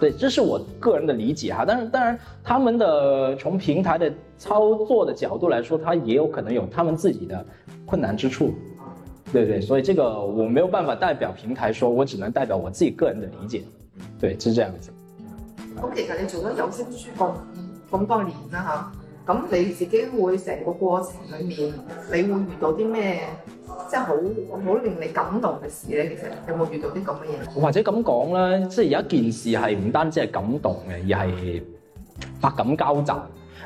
對，這是我個人的理解哈。但是當然，他們的從平台的操作的角度來說，他也有可能有他們自己的困難之處，對對？所以這個我沒有辦法代表平台說，我只能代表我自己個人的理解。對，是這樣子。咁其實你做咗有聲書咁咁多年啦，吓，咁你自己會成個過程裏面，你會遇到啲咩？即係好好令你感動嘅事咧，其實有冇遇到啲咁嘅嘢？或者咁講咧，即係有一件事係唔單止係感動嘅，而係百感交集。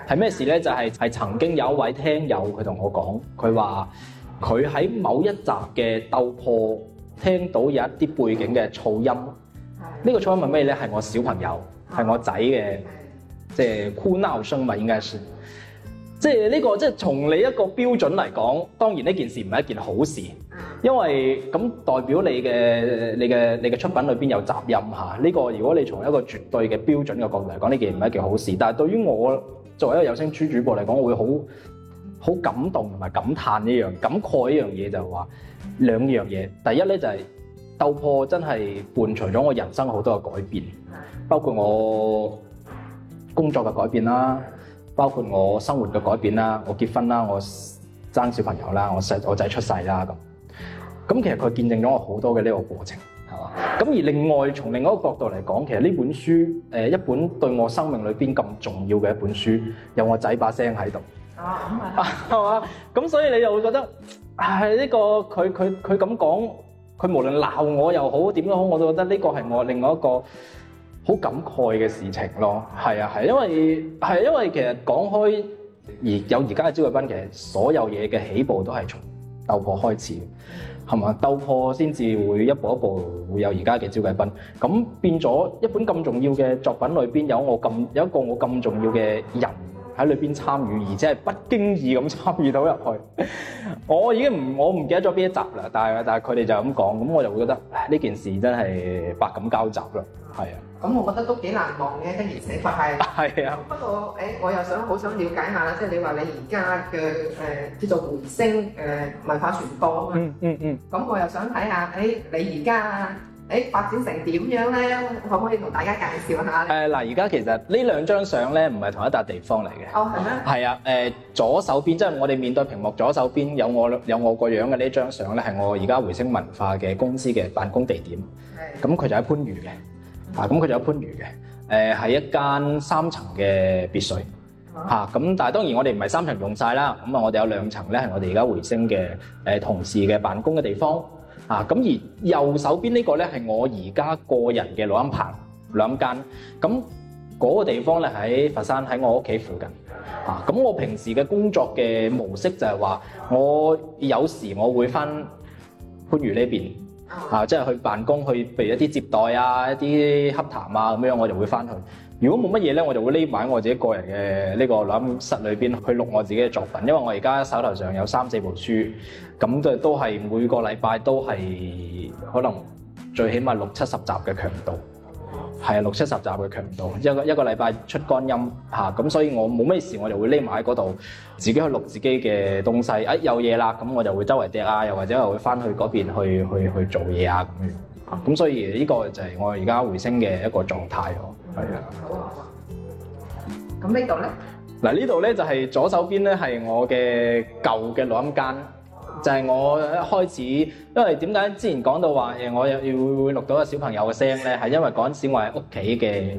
係咩事咧？就係、係、係曾經有一位聽友佢同我講，佢話佢喺某一集嘅《鬥破》聽到有一啲背景嘅噪音。呢、呢個噪音係咩咧？係我小朋友，係我仔嘅，即係哭鬧聲吧，應該算。即係呢、這個，即係從你一個標準嚟講，當然呢件事唔係一件好事，因為咁代表你嘅你嘅你嘅出品裏邊有雜音下。嚇、這個。呢個如果你從一個絕對嘅標準嘅角度嚟講，呢件唔係一件好事。但係對於我作為一個有聲書主播嚟講，我會好好感動同埋感嘆呢樣、感慨呢樣嘢，就係話兩樣嘢。第一咧就係鬥破真係伴隨咗我人生好多嘅改變，包括我工作嘅改變啦。包括我生活嘅改變啦，我結婚啦，我生小朋友啦，我細我仔出世啦咁。咁其實佢見證咗我好多嘅呢個過程，係嘛？咁而另外從另外一個角度嚟講，其實呢本書誒一本對我生命裏邊咁重要嘅一本書，有我仔把聲喺度，係嘛、啊？咁、啊啊、 <laughs> <laughs> 所以你又會覺得係呢、呢個佢佢佢咁講，佢無論鬧我又好點都好，我都覺得呢個係我另外一個。好感慨嘅事情咯，係啊，係、啊，因為，係啊，因為其實講開，而有而家嘅招繼斌，其實所有嘢嘅起步都係從鬥破開始，係嘛？鬥破先至會一步一步會有而家嘅招繼斌，咁變咗一本咁重要嘅作品裏邊有我咁有一個我咁重要嘅人喺裏邊參與，而且係不經意咁參與到入去。 <laughs> 我已經唔我唔記得咗邊一集啦，但係，但係佢哋就咁講，咁我就會覺得唉，呢件事真係百感交集啦，係啊。咁我覺得都幾難忘嘅，跟住而且就係，不過誒，我又想好想了解下啦，即係你話你而家嘅誒叫做回聲誒文化傳播啊，嗯嗯嗯，咁我又想睇下誒你而家誒發展成點樣咧，可唔可以同大家介紹下咧？誒嗱，而家其實呢兩張相咧唔係同一笪地方嚟嘅。哦，係咩？係啊，誒左手邊即係我哋面對屏幕左手邊有我有我個樣嘅呢張相咧，係我而家回聲文化嘅公司嘅辦公地點。係。咁佢就喺番禺嘅。啊，咁佢就有番禺嘅，誒係一間三層嘅別墅，嚇咁、啊，但係當然我哋唔係三層用晒啦，咁啊我哋有兩層咧係我哋而家回聲嘅誒同事嘅辦公嘅地方，啊咁而右手邊呢個咧係我而家個人嘅錄音棚兩間兩間，咁嗰、那個地方咧喺佛山，喺我屋企附近，啊咁我平時嘅工作嘅模式就係話我有時我會返番禺呢邊。啊！即係去辦公，去譬如一啲接待啊，一啲洽談啊，咁樣我，我就會翻去。如果冇乜嘢咧，我就會匿埋我自己個人嘅呢個錄音室裏邊去錄我自己嘅作品。因為我而家手頭上有三四部書，咁就都係每個禮拜都係可能最起碼六七十集嘅強度。係六七十集嘅強度，一個一個禮拜出乾音嚇，咁所以我冇咩事，我就會匿埋喺嗰度，自己去錄自己嘅東西。哎，有嘢啦，咁我就會周圍趯啊，又或者會翻去嗰邊去去去做嘢啊咁樣。咁所以呢個就係我而家回聲嘅一個狀態喎。係啊，好啊。咁呢度咧？嗱，呢度咧就係左手邊咧係我嘅舊嘅錄音間。就係我一開始，因為點解之前講到話誒，我要會會錄到個小朋友嘅聲咧，係因為嗰陣時我喺屋企嘅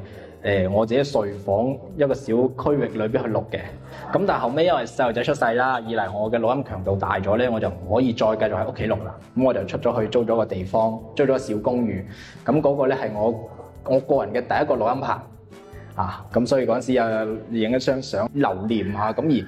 誒，我自己睡房一個小區域裏邊去錄嘅。咁但係後尾因為細路仔出世啦，二嚟我嘅錄音強度大咗咧，我就唔可以再繼續喺屋企錄啦。咁我就出咗去租咗個地方，租咗個小公寓。咁嗰個咧係我我個人嘅第一個錄音棚啊。咁所以嗰陣時啊，又影一張相留念下啊。咁而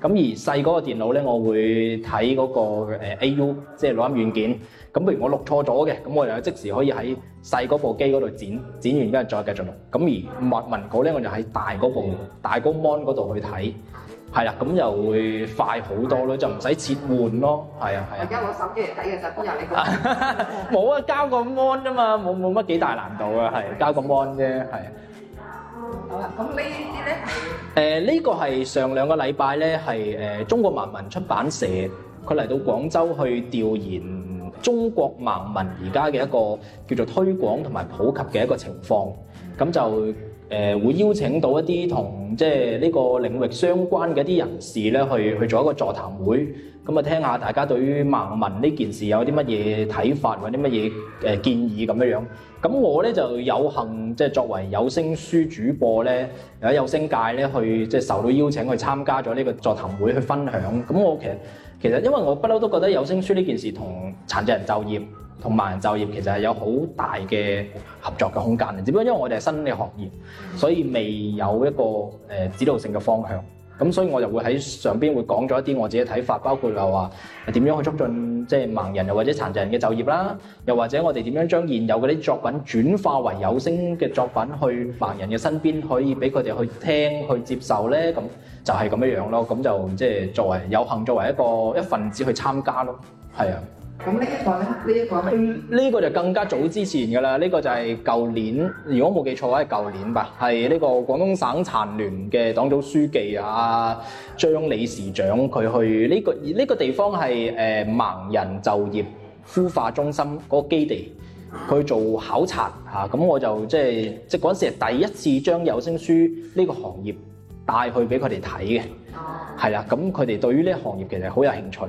咁而細嗰個電腦咧，我會睇嗰個 AU，即係錄音軟件。咁譬如我錄錯咗嘅，咁我就即時可以喺細嗰部機嗰度剪剪完，之後再繼續錄。咁而默文稿咧，我就喺大嗰部、大嗰 mon 嗰度去睇，係啦，咁又會快好多咯，就唔使切換咯，係啊係啊。而家攞手機嚟睇嘅就都有你講？冇啊，交個 mon 啫嘛，冇冇乜幾大難度啊，係交個 mon 啫，係。好啊！咁呢啲咧，誒，呢個係上兩個禮拜咧，係誒中國盲文出版社佢嚟到廣州去調研中國盲文而家嘅一個叫做推廣同埋普及嘅一個情況。咁就誒會邀請到一啲同即係呢個領域相關嘅一啲人士咧，去去做一個座談會。咁啊，聽下大家對於盲文呢件事有啲乜嘢睇法，或者乜嘢誒建議，咁樣樣。咁我咧就有幸，即係作為有聲書主播咧，喺有，有聲界咧去即係受到邀請去參加咗呢個座談會，去分享。咁我其實其實因為我不嬲都覺得有聲書呢件事同殘疾人就業同盲人就業其實係有好大嘅合作嘅空間嘅。只不過因為我哋係新嘅行業，所以未有一個誒指導性嘅方向。咁所以我就會喺上邊會講咗一啲我自己睇法，包括係話點樣去促進即係盲人又或者殘疾人嘅就業啦，又或者我哋點樣將現有嗰啲作品轉化為有聲嘅作品去盲人嘅身邊可以俾佢哋去聽去接受咧，咁就係咁樣樣咯。咁就即係作為有幸作為一個一份子去參加咯，係啊。咁呢一個咧，呢一個呢、這個、呢個就更加早之前噶啦，呢、這個就係舊年，如果冇記錯係舊年吧，係呢個廣東省殘聯嘅黨組書記啊張理事長佢去呢、這個呢、這個地方係誒盲人就業孵化中心嗰個基地，佢做考察吓，咁、啊、我就即係即嗰陣時係第一次將有聲書呢個行業帶去俾佢哋睇嘅，係啦、oh.，咁佢哋對於呢個行業其實好有興趣。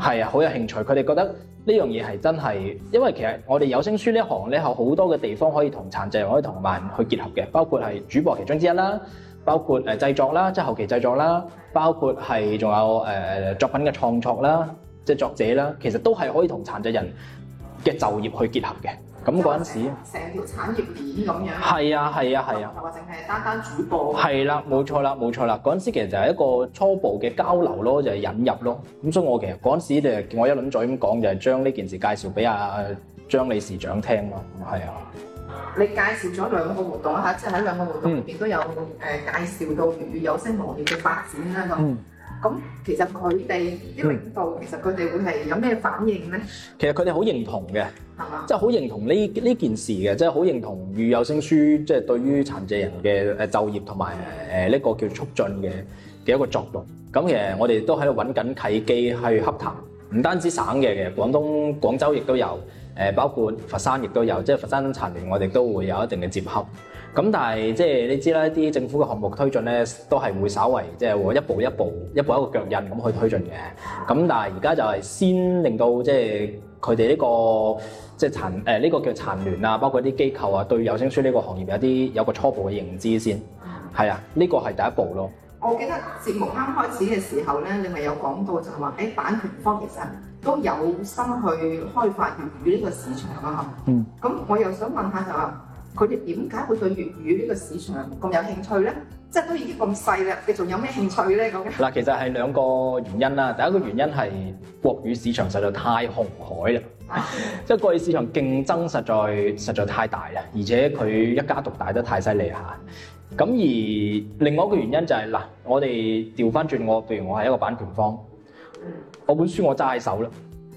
係啊，好有興趣，佢哋覺得呢樣嘢係真係，因為其實我哋有聲書呢行咧，有好多嘅地方可以同殘疾人可以同埋去結合嘅，包括係主播其中之一啦，包括誒製作啦，即係後期製作啦，包括係仲有誒、呃、作品嘅創作啦，即係作者啦，其實都係可以同殘疾人嘅就業去結合嘅。咁嗰陣時，成條產業鏈咁樣。係啊，係啊，係啊。或淨係單單主播。係啦、啊，冇錯啦，冇錯啦。嗰陣時其實就係一個初步嘅交流咯，就係、是、引入咯。咁所以我其實嗰陣時誒、就是，我一輪再咁講，就係、是、將呢件事介紹俾阿張理事長聽咯。係啊。你介紹咗兩個活動啊？嚇，即係喺兩個活動入邊都有誒介紹到粵語有聲行業嘅發展啦，咁、嗯。咁其實佢哋，啲領導其實佢哋會係有咩反應咧？其實佢哋好認同嘅，係嘛、啊？即係好認同呢呢件事嘅，即係好認同粵有聲書即係對於殘疾人嘅誒就業同埋誒呢個叫促進嘅嘅一個作用。咁、嗯、其實我哋都喺度揾緊契機去洽談，唔單止省嘅嘅，廣東廣州亦都有，誒包括佛山亦都有，即係佛山殘聯我哋都會有一定嘅接洽。咁但係即係你知啦，啲政府嘅項目推進咧，都係會稍為即係會一步一步、一步一個腳印咁去推進嘅。咁但係而家就係先令到即係佢哋呢個即係、就是、殘誒呢、呃這個叫殘聯啊，包括啲機構啊，對有聲書呢個行業有啲有個初步嘅認知先。係啊，呢個係第一步咯。我記得節目啱開始嘅時候咧，你咪有講到就係話，誒、欸、版權方其實都有心去開發粵語呢個市場啦，嗯。咁我又想問下就話。佢哋點解會對粵語呢個市場咁有興趣咧？即係都已經咁細啦，你仲有咩興趣咧？咁嗱，其實係兩個原因啦。第一個原因係國語市場實在太紅海啦，即係 <laughs> 國語市場競爭實在實在太大啦，而且佢一家獨大得太犀利嚇。咁而另外一個原因就係、是、嗱，我哋調翻轉我，譬如我係一個版權方，我本書我揸喺手啦。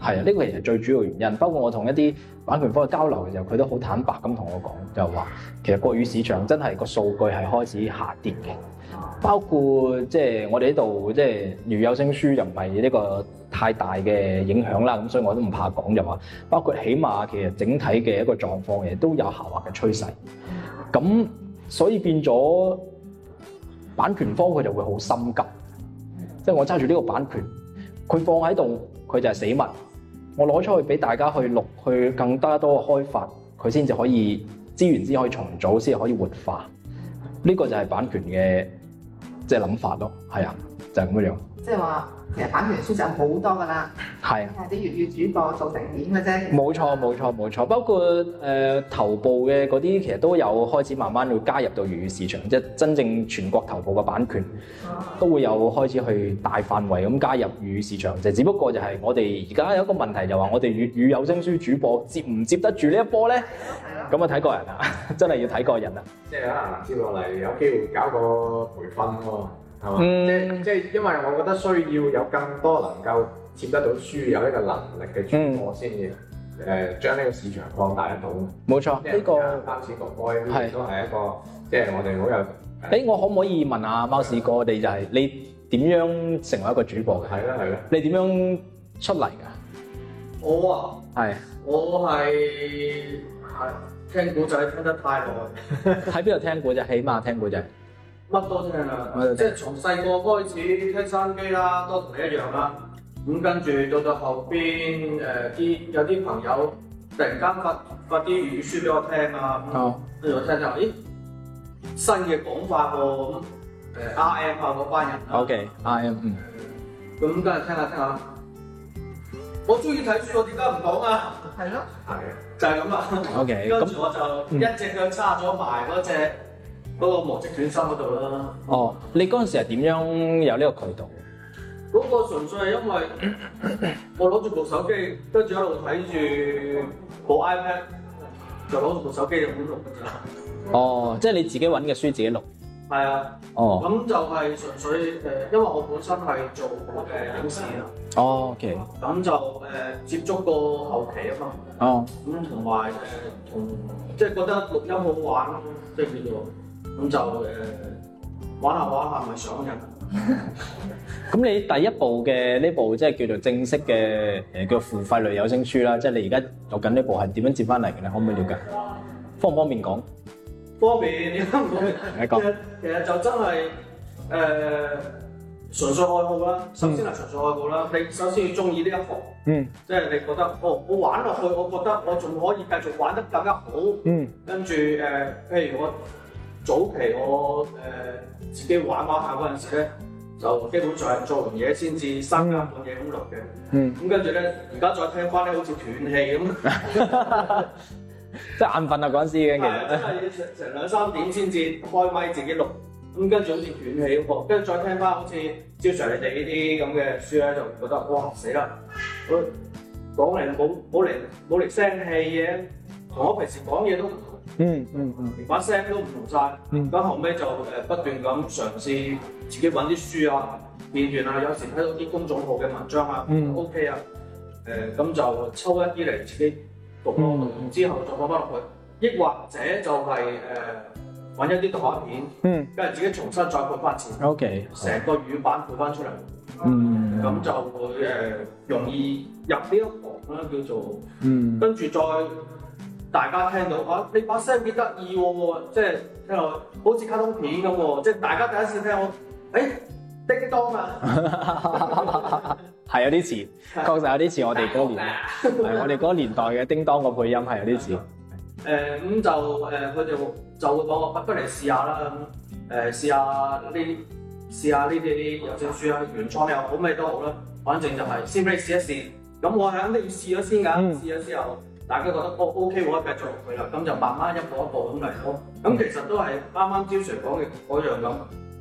係啊，呢個其實最主要原因，包括我同一啲版權方嘅交流嘅時候，佢都好坦白咁同我講，就係話其實國語市場真係個數據係開始下跌嘅。包括即係我哋呢度即係如有聲書又唔係呢個太大嘅影響啦，咁所以我都唔怕講就話，包括起碼其實整體嘅一個狀況亦都有下滑嘅趨勢。咁所以變咗版權方佢就會好心急，即係我揸住呢個版權，佢放喺度佢就係死物。我攞出去俾大家去錄，去更加多嘅開發，佢先至可以資源先可以重組，先可以活化。呢個就係版權嘅即係諗法咯，係啊。就咁嘅樣，即係話其實版權書就好多噶啦，係啊是，啲粵語主播做成點嘅啫？冇錯冇錯冇錯，包括誒、呃、頭部嘅嗰啲其實都有開始慢慢要加入到粵語市場，即係真正全國頭部嘅版權，啊、都會有開始去大範圍咁加入粵語市場，就只不過就係我哋而家有一個問題就話、是、我哋粵語有聲書主播接唔接得住呢一波咧？咁啊睇個人，個人啊，真係要睇個人啊，即係可能接落嚟有機會搞個培訓喎。係嘛？即即、嗯、因為我覺得需要有更多能夠接得到書，有一個能力嘅主播先至，誒，將呢個市場擴大得到。冇錯，呢個貓屎哥哥都係一個，即係我哋好有。誒，我可唔可以問下貓屎哥，哋就係你點樣成為一個主播嘅？係啦，係啦。你點樣出嚟㗎？我啊，係我係聽古仔聽得太耐。喺邊度聽古仔？起碼聽古仔。乜都聽啦，聽即係從細個開始聽收音機啦，都同你一樣啦。啊。咁跟住到到後邊，誒、呃，啲有啲朋友突然間發發啲語書俾我聽啊，咁跟住我聽聽，咦，新嘅講法喎，咁誒，R M 下嗰班人，啊。O K，R M，嗯。咁跟住聽下聽下，我中意睇書，我點解唔講啊？係咯，係，就係咁啊。O K，咁我就一直都差咗埋嗰隻。Okay. <laughs> 嗰個莫質斷心嗰度啦。哦，你嗰陣時係點樣有呢個渠道？嗰個純粹係因為我攞住部手機，跟住一路睇住部 iPad，就攞住部手機就揾錄㗎咋。哦，即係你自己揾嘅書自己錄。係啊。哦。咁就係純粹誒、呃，因為我本身係做嘅影視啦。哦，OK。咁就誒接觸過後期啊嘛。哦。咁同埋誒同即係覺得錄音好玩，即係叫做。咁就誒玩下玩下，咪上癮。咁 <laughs> 你第一步嘅呢部即係叫做正式嘅誒叫付費類有聲書啦，即係、就是、你而家有緊呢部係點樣接翻嚟嘅咧？可唔可以瞭解？方唔方便講？方便，你講。你講。其實就真係誒、呃、純粹愛好啦。首先係純粹愛好啦。嗯、你首先要中意呢一科，嗯，即係你覺得，哦，我玩落去，我覺得我仲可以繼續玩得更加好，嗯。跟住譬、呃、如我。早期我誒、呃、自己玩玩下嗰陣時咧，就基本上做完嘢先至生啊，揾嘢咁錄嘅。嗯。咁跟住咧，而家再聽翻咧，好似斷氣咁， <laughs> <laughs> 即係眼瞓啊。嗰陣時嘅。係啊，即係成兩三點先至開咪自己錄。咁跟住好似斷氣咁，跟住再聽翻好似照常你哋呢啲咁嘅書咧，就覺得哇死啦！講嚟冇冇力冇力聲氣嘅，同我平時講嘢都。嗯嗯嗯，連把聲都唔同晒，咁、mm, 後尾就誒不斷咁嘗試自己揾啲書啊、片段啊，有時睇到啲公眾號嘅文章啊，都 OK、mm, 啊。誒、呃、咁就抽一啲嚟自己讀多讀，然之、mm, 後再放翻落去。亦或者就係誒揾一啲動畫片，嗯，跟住自己重新再配翻字，OK，成個語版配翻出嚟。Okay, 好嗯，咁就會誒容易入呢一行啦，叫做嗯，mm, 跟住再。大家聽到啊，你把聲幾得意喎，即係聽落好似卡通片咁喎，即係大家第一次聽我，誒叮噹啊，係有啲似，確實有啲似我哋嗰年，係我哋嗰年代嘅叮噹個配音係有啲似。誒咁就誒佢哋就就會攞個筆嚟試下啦咁，誒試下呢啲，試下呢啲有聲書啊原創又好咩都好啦，反正就係先俾你試一試，咁我係肯定要試咗先㗎，試咗之後。大家覺得 O O K，我一繼續去啦，咁就慢慢一步一步咁嚟咯。咁、嗯、其實都係啱啱朝上講嘅嗰樣咁，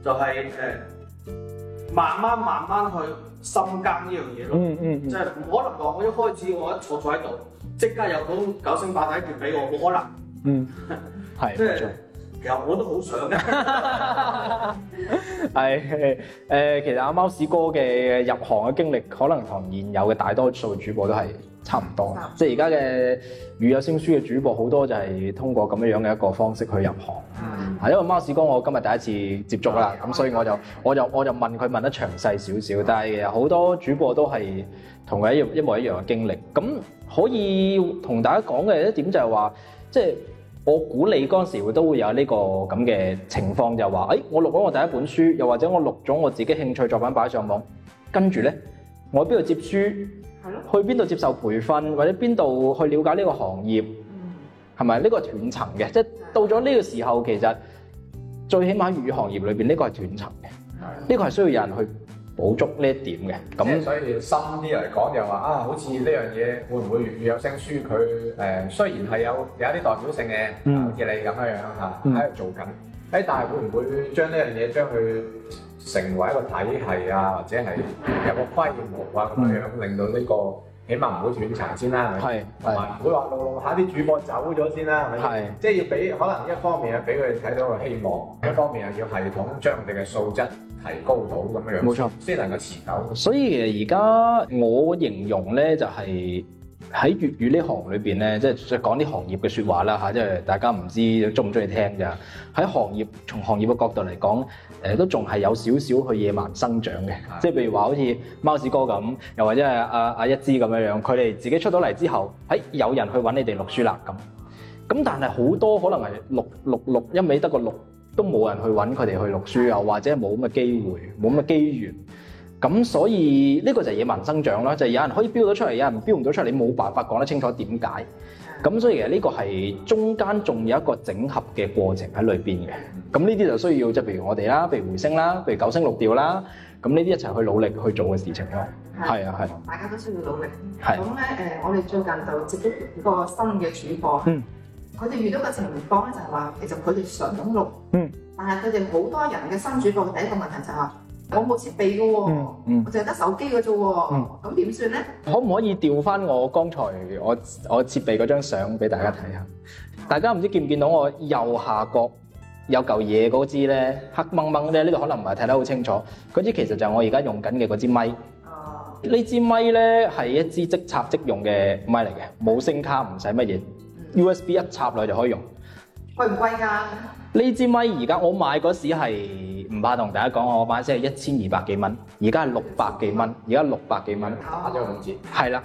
就係、是、誒慢慢慢慢去深耕呢樣嘢咯。嗯嗯，即係唔可能講我一開始我一坐坐喺度，即刻有種九星霸體訣俾我，冇可能。嗯，係。即係、就是、其實我都好想嘅。係、呃、其實阿貓屎哥嘅入行嘅經歷，可能同現有嘅大多數主播都係。差唔多，即係而家嘅粵語有聲書嘅主播好多就係通過咁樣樣嘅一個方式去入行。啊、嗯，因為貓屎哥我今日第一次接觸啦，咁、嗯、所以我就、嗯、我就我就問佢問得詳細少少，嗯、但係好多主播都係同佢一一模一樣嘅經歷。咁可以同大家講嘅一點就係話，即、就、係、是、我估你嗰陣時都會有呢個咁嘅情況，就話、是、誒、哎，我錄咗我第一本書，又或者我錄咗我自己興趣作品擺上網，跟住咧我喺邊度接書？去邊度接受培訓，或者邊度去了解呢個行業，係咪？呢個斷層嘅，即係到咗呢個時候，其實最起碼粵語行業裏邊呢個係斷層嘅，呢個係需要有人去補足呢一點嘅。咁，所以要深啲嚟講，就話啊，好似呢樣嘢會唔會粵語有聲書？佢誒，雖然係有有一啲代表性嘅，好似你咁樣樣吓，喺度做緊，誒，但係會唔會將呢樣嘢將佢？將成為一個體系啊，或者係有個規模啊咁樣，令到呢個起碼唔好斷層先啦。係，同埋唔會話落落下啲主播走咗先啦，係咪？係，即係要俾可能一方面啊，俾佢哋睇到個希望，一方面啊，要系統將佢哋嘅素質提高到咁樣。冇錯，先能夠持久。所以而家我形容咧，就係喺粵語呢行裏邊咧，即係講啲行業嘅説話啦吓，即係大家唔知中唔中意聽嘅。喺行業，從行業嘅角度嚟講。誒都仲係有少少去野蠻生長嘅，即係譬如話，好似貓屎哥咁，又或者係阿阿一枝咁樣樣，佢哋自己出到嚟之後，喺、哎、有人去揾你哋錄書啦咁。咁但係好多可能係錄錄錄一味得個錄，都冇人去揾佢哋去錄書，又或者冇咁嘅機會，冇咁嘅機緣。咁所以呢個就係野蠻生長啦，就係、是、有人可以標到出嚟，有人標唔到出嚟，你冇辦法講得清楚點解。咁所以其實呢個係中間仲有一個整合嘅過程喺裏邊嘅，咁呢啲就需要即係譬如我哋啦，譬如回聲啦，譬如九星六調啦，咁呢啲一齊去努力去做嘅事情咯。係啊，係。大家都需要努力。係。咁咧誒，我哋最近就接觸一個新嘅主播。嗯。佢哋遇到嘅情況咧就係話，其實佢哋想錄。嗯。但係佢哋好多人嘅新主播嘅第一個問題就係話。我冇設備嘅喎，嗯嗯、我淨係得手機嘅啫喎，咁點算咧？呢可唔可以調翻我剛才我我設備嗰張相俾大家睇下？嗯、大家唔知見唔見到我右下角有嚿嘢嗰支咧，黑掹掹咧，呢度可能唔係睇得好清楚。嗰支其實就係我而家用緊嘅嗰支咪。哦、嗯。呢支咪咧係一支即插即用嘅咪嚟嘅，冇聲卡唔使乜嘢，USB 一插落就可以用。貴唔貴㗎？呢支咪而家我買嗰時係唔怕同大家講，我買先係一千二百幾蚊，而家係六百幾蚊，而家六百幾蚊打咗五折。係啦、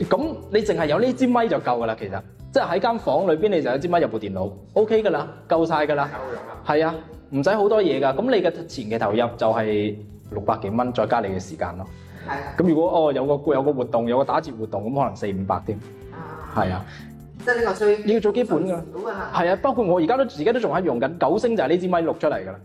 嗯，咁你淨係有呢支咪就夠噶啦，其實即係喺間房裏邊，你就一支咪入部電腦，OK 噶啦，夠晒噶啦。夠、嗯、用啦。係啊，唔使好多嘢噶。咁你嘅前期投入就係六百幾蚊，再加你嘅時間咯。係、嗯。咁如果哦有個有個活動，有個打折活動，咁可能四五百添。係啊。即係呢個最要做基本㗎，係啊的，包括我而家都而家都仲喺用緊，九星就係呢支咪錄出嚟㗎啦。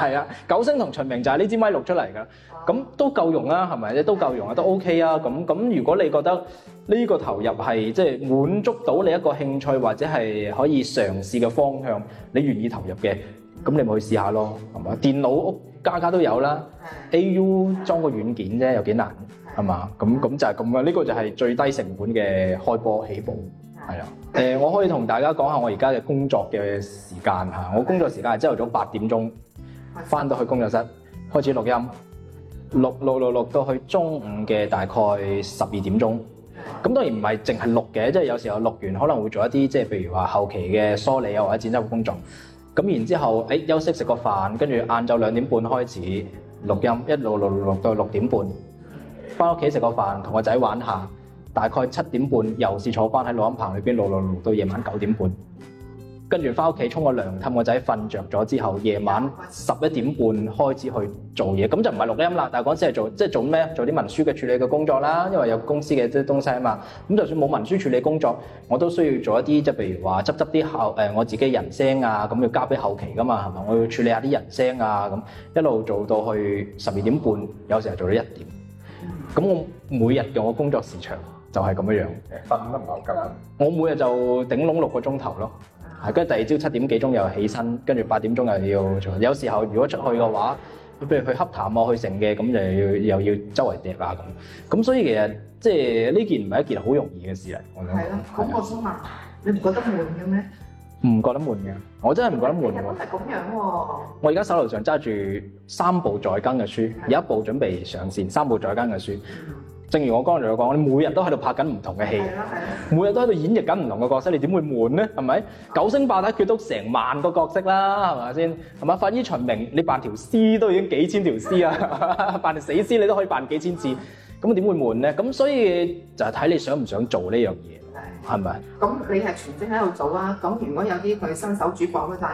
係啊、oh. <laughs> 九星同秦明就係呢支咪錄出嚟㗎。咁、oh. 都夠用啦、啊，係咪都夠用啊，都 OK 啊。咁咁，如果你覺得呢個投入係即係滿足到你一個興趣或者係可以嘗試嘅方向，你願意投入嘅，咁你咪去試下咯，係嘛？電腦屋家家都有啦、oh.，AU 裝個軟件啫，有幾難係嘛？咁咁就係咁嘅，呢、呢個就係最低成本嘅開波起步。係啊，誒我可以同大家講下我而家嘅工作嘅時間嚇，我工作時間係朝頭早八點鐘翻到去工作室開始錄音，錄錄錄錄，錄到去中午嘅大概十二點鐘。咁當然唔係淨係錄嘅，即係有時候錄完可能會做一啲即係譬如話後期嘅梳理啊或者剪輯工作。咁然之後誒休息食個飯，跟住晏晝兩點半開始錄音，一路錄錄，錄，錄到六點半，翻屋企食個飯，同個仔玩下。大概七點半，又是坐翻喺錄音棚裏邊錄錄錄到夜晚九點半，跟住翻屋企沖個涼，氹個仔瞓着咗之後，夜晚十一點半開始去做嘢，咁就唔係錄音啦。但係嗰陣時係做即係做咩？做啲文書嘅處理嘅工作啦，因為有公司嘅啲東西啊嘛。咁就算冇文書處理工作，我都需要做一啲即係譬如話執執啲後誒、呃、我自己人聲啊，咁要交俾後期噶嘛，係咪？我要處理下啲人聲啊，咁一路做到去十二點半，有時候做到一點。咁我每日用我工作時長。就係咁樣樣，瞓得唔夠夠。我每日就頂籠六個鐘頭咯，係跟住第二朝七點幾鐘又起身，跟住八點鐘又要做。有時候如果出去嘅話，譬如去洽談啊、去成嘅，咁就要又要周圍趯啊咁。咁所以其實即係呢件唔係一件好容易嘅事嚟。我諗，係咯，咁我問你唔覺得悶嘅咩？唔覺得悶嘅，我真係唔覺得悶喎。其實係咁樣喎。我而家手頭上揸住三部在更嘅書，有一部準備上線，三部在更嘅書。正如我剛才講，我哋每日都喺度拍緊唔同嘅戲，每日都喺度演繹緊唔同嘅角色，你點會悶咧？係咪？九星霸體訣都成萬個角色啦，係咪先？係嘛？法醫秦明，你扮條屍都已經幾千條屍啊，的 <laughs> 扮條死屍你都可以扮幾千次，咁點的會悶咧？咁所以就係、是、睇你想唔想做呢樣嘢，係咪的？咁你係全職喺度做啦。咁如果有啲佢新手主播嗰陣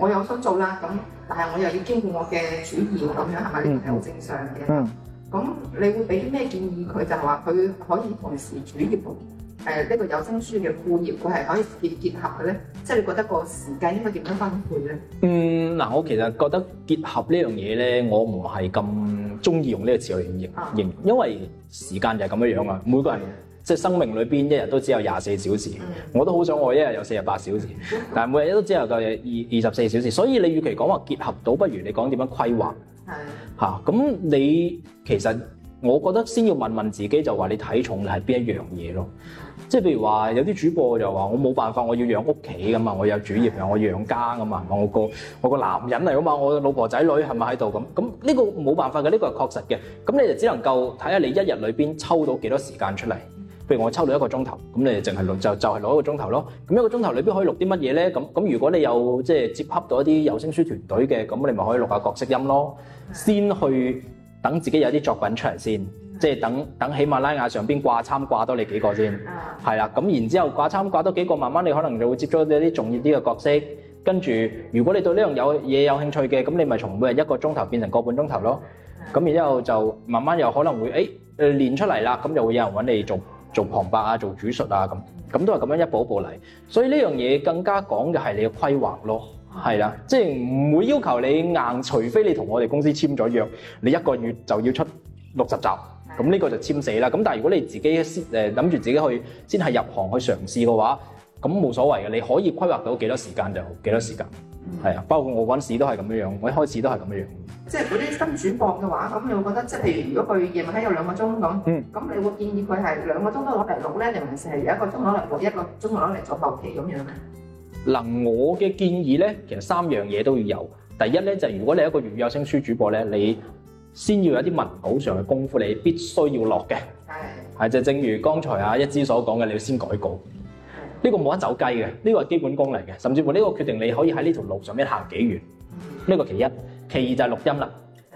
我有想做啦，咁但係我又要兼顧我嘅主要，咁樣係咪？嗯，係好正常嘅。嗯。咁你會俾啲咩建議佢？就係話佢可以同時主業同呢個有聲書嘅副業，佢係可以結結合嘅咧。即、就、係、是、你覺得個時間應該點樣分配咧？嗯，嗱，我其實覺得結合呢樣嘢咧，我唔係咁中意用呢個詞嚟形容，啊、因為時間就係咁樣樣啊。嗯、每個人即係、就是、生命裏邊一日都只有廿四小時，嗯、我都好想我一日有四十八小時，嗯、但係每日都只有二二十四小時。所以你與其講話結合到，到不如你講點樣規劃。嗯係，吓咁你其實我覺得先要問問自己，就話你睇重係邊一樣嘢咯？即係譬如話有啲主播就話我冇辦法，我要養屋企㗎嘛，我有主業，我要養家㗎嘛，我個我個男人嚟噶嘛，我老婆仔女係咪喺度咁？咁呢個冇辦法嘅，呢、呢個係確實嘅。咁、嗯、你就只能夠睇下你一日裏邊抽到幾多時間出嚟。譬如我抽到一個鐘頭，咁你淨係錄就，就就係攞一個鐘頭咯。咁一個鐘頭裏邊可以錄啲乜嘢咧？咁咁如果你有即係接洽到一啲有聲書團隊嘅，咁你咪可以錄下角色音咯。先去等自己有啲作品出嚟先，即係等等喜馬拉雅上邊掛參掛多你幾個先，係啦。咁然之後掛參掛多幾個，慢慢你可能就會接觸到一啲重要啲嘅角色。跟住如果你對呢樣有嘢有興趣嘅，咁你咪從每日一個鐘頭變成個半鐘頭咯。咁然之後就慢慢又可能會誒、哎、練出嚟啦，咁就會有人揾你做。做旁白啊，做主述啊，咁咁都係咁樣一步一步嚟，所以呢樣嘢更加講嘅係你嘅規劃咯，係啦，即係唔會要求你硬，除非你同我哋公司簽咗約，你一個月就要出六十集，咁呢個就簽死啦。咁但係如果你自己誒諗住自己去先係入行去嘗試嘅話，咁冇所謂嘅，你可以規劃到幾多時間就幾多時間。係啊，包括我陣時都係咁樣樣，我一開始都係咁樣樣。即係嗰啲新主播嘅話，咁你會覺得即係譬如如果佢夜晚喺有兩個鐘咁，咁、嗯、你會建議佢係兩個鐘都攞嚟錄咧，定還是係一個鐘攞嚟播，一個鐘攞嚟做後期咁樣咧？嗱，我嘅建議咧，其實三樣嘢都要有。第一咧就係、是、如果你係一個粵語有聲書主播咧，你先要有啲文稿上嘅功夫，你必須要落嘅。係的。係就正如剛才啊一枝所講嘅，你要先改稿。呢個冇得走雞嘅，呢個係基本功嚟嘅，甚至乎呢個決定你可以喺呢條路上面行幾遠。呢個其一，其二就係錄音啦。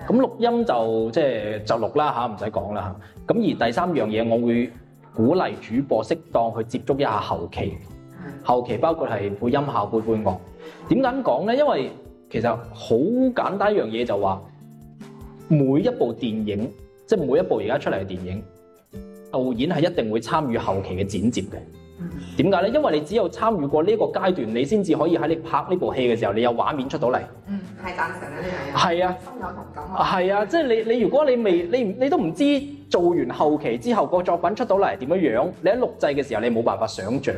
咁錄音就即係就錄啦吓，唔使講啦嚇。咁、啊啊、而第三樣嘢，我會鼓勵主播適當去接觸一下後期，後期包括係配音效、校配效配樂。點解咁講呢？因為其實好簡單一樣嘢，就話每一部電影，即係每一部而家出嚟嘅電影，導演係一定會參與後期嘅剪接嘅。點解咧？因為你只有參與過呢個階段，你先至可以喺你拍呢部戲嘅時候，你有畫面出到嚟。嗯，係贊成啊呢樣嘢。係啊的，心有同感啊。係啊，即係你你如果你未你你都唔知做完後期之後個作品出到嚟點樣樣，你喺錄製嘅時候你冇辦法想象，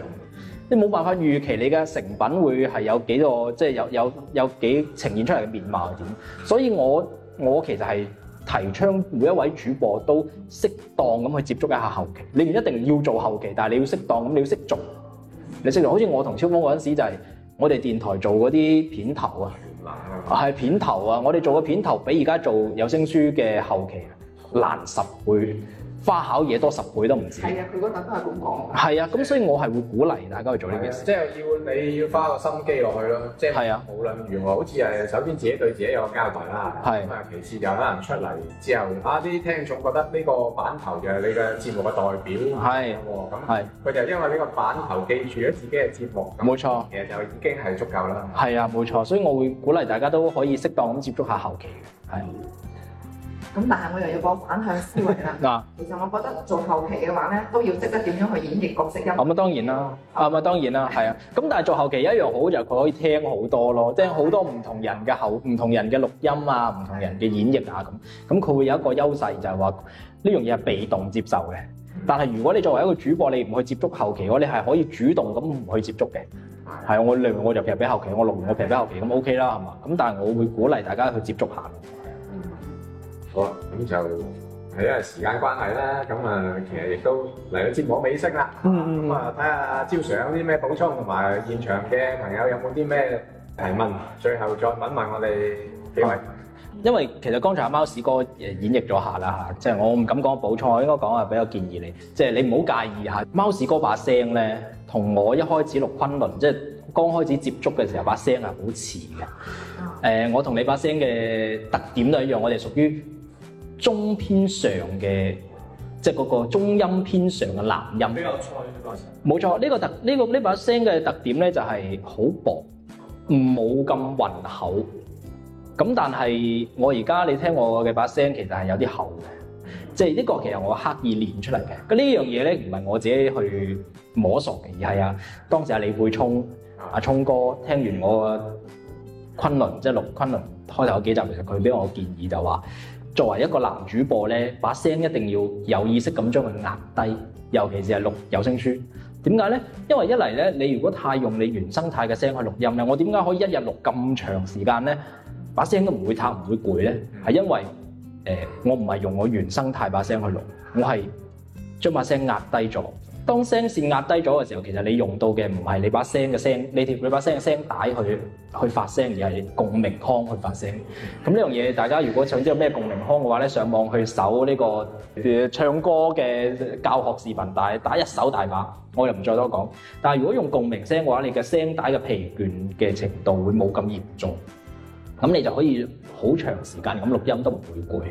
你冇辦法預期你嘅成品會係有幾多，即係有有有幾呈現出嚟嘅面貌係點。所以我我其實係。提倡每一位主播都適當咁去接觸一下後期，你唔一定要做後期，但係你要適當咁，你要識做，你識做。好似我同超鋒嗰陣時就係我哋電台做嗰啲片頭麼啊，係片頭啊，我哋做個片頭比而家做有聲書嘅後期難十倍。花巧嘢多十倍都唔止。係啊，佢嗰陣都係咁講。係啊，咁所以我係會鼓勵大家去做呢件事。即係、即係、要你要花個心機落去咯。係啊，無論如何，好似係，首先自己對自己有交代啦。係。咁啊，其次就可能出嚟之後，把啲聽眾覺得呢個版頭就係你嘅節目嘅代表。係。係。佢就因為呢個版頭記住咗自己嘅節目。冇錯。其實就已經係足夠啦。係啊，冇錯。所以我會鼓勵大家都可以適當咁接觸下後期嘅，係。咁但係我又要講反向思維啦。嗱，其實我覺得做後期嘅話咧，都要識得點樣去演繹角色音。咁啊、嗯、當然啦，啊、嗯、咪當然啦，係啊。咁但係做後期一樣好就係佢可以聽好多咯， <noise> 即係好多唔同人嘅口，唔 <noise> 同人嘅錄音啊，唔同人嘅演繹啊咁。咁佢、嗯嗯、會有一個優勢就係話呢樣嘢係被動接受嘅。但係如果你作為一個主播，你唔去接觸後期，我你係可以主動咁唔去接觸嘅。係啊， <noise> 我嚟我，我就其實俾後期，我錄 <noise> 我其實俾後期咁 OK 啦，係嘛？咁但係我會鼓勵大家去接觸下。好啦，咁就係因為時間關係啦，咁啊，其實亦都嚟到節目尾聲啦。咁啊、嗯，睇下招 sir 有啲咩補充，同埋現場嘅朋友有冇啲咩提問？最後再問問我哋幾位。因為其實剛才阿貓屎哥誒演繹咗下啦嚇，即係我唔敢講補充，我應該講啊比較建議你，即係你唔好介意嚇。貓屎哥把聲咧，同我一開始錄《昆崙》，即係剛開始接觸嘅時候把聲係好似嘅。誒、嗯呃，我同你把聲嘅特點都一樣，我哋屬於。中偏上嘅，即係嗰個中音偏上嘅男音。比較脆嘅把聲。冇錯，呢個特呢個呢把聲嘅特點咧，就係好薄，冇咁渾厚。咁但係我而家你聽我嘅把聲，其實係有啲厚嘅，即係呢個其實我刻意練出嚟嘅。咁呢樣嘢咧，唔係我自己去摸索嘅，而係啊，當時阿李貝聰、阿、啊、聰哥聽完我《崑崙》即係錄《崑崙》開頭嗰幾集，其實佢俾我建議就話。作為一個男主播呢把聲一定要有意識咁將佢壓低，尤其是係錄有聲書。點解呢？因為一嚟呢你如果太用你原生態嘅聲去錄音，我點解可以一日錄咁長時間呢，把聲都唔會太唔會攰呢？係因為，呃，我唔係用我原生態把聲去錄，我係將把聲壓低咗。當聲線壓低咗嘅時候，其實你用到嘅唔係你把聲嘅聲，你條你把聲嘅聲帶去去發聲，而係共鳴腔去發聲。咁呢樣嘢，大家如果想知道咩共鳴腔嘅話咧，上網去搜呢、這個誒、呃、唱歌嘅教學視頻大打一手大把，我又唔再多講。但係如果用共鳴聲嘅話，你嘅聲帶嘅疲倦嘅程度會冇咁嚴重，咁你就可以好長時間咁錄音都唔會攰。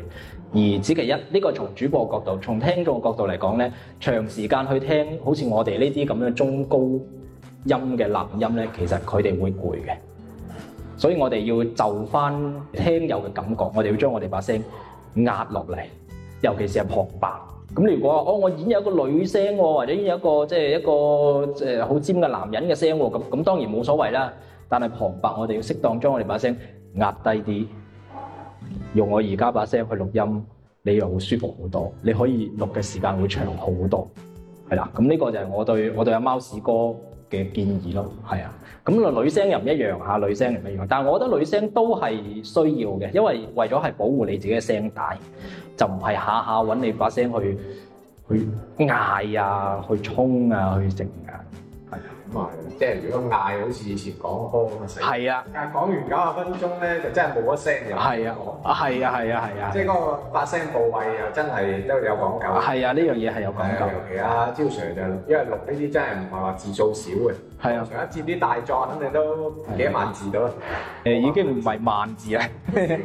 而只其一，呢個從主播角度、從聽眾角度嚟講呢，長時間去聽，好似我哋呢啲咁樣中高音嘅男音呢，其實佢哋會攰嘅。所以我哋要就翻聽友嘅感覺，我哋要將我哋把聲壓落嚟，尤其是係旁白。咁如果哦，我演有一個女聲，或者演有一個即係、即係、一個誒好尖嘅男人嘅聲，咁咁當然冇所謂啦。但係旁白我哋要適當將我哋把聲壓低啲。用我而家把聲去錄音，你又會舒服好多。你可以錄嘅時間會長好多，係啦。咁呢個就係我對我對阿貓屎哥嘅建議咯。係啊，咁女聲又唔一樣嚇，女聲唔一樣。但係我覺得女聲都係需要嘅，因為為咗係保護你自己嘅聲帶，就唔係下下揾你把聲去去嗌啊，去衝啊，去剩啊。即係如果嗌好似以前講開咁啊死係啊！但係講完九十分鐘咧，就真係冇一聲又係啊，係啊，係啊，係啊，即係嗰個發聲部位又真係都有講究。係啊，呢樣嘢係有講究，尤其阿招 Sir 就因為錄呢啲真係唔係話字數少嘅。係啊，上一次啲大作肯定都幾萬字到。誒，已經唔係萬字啊。億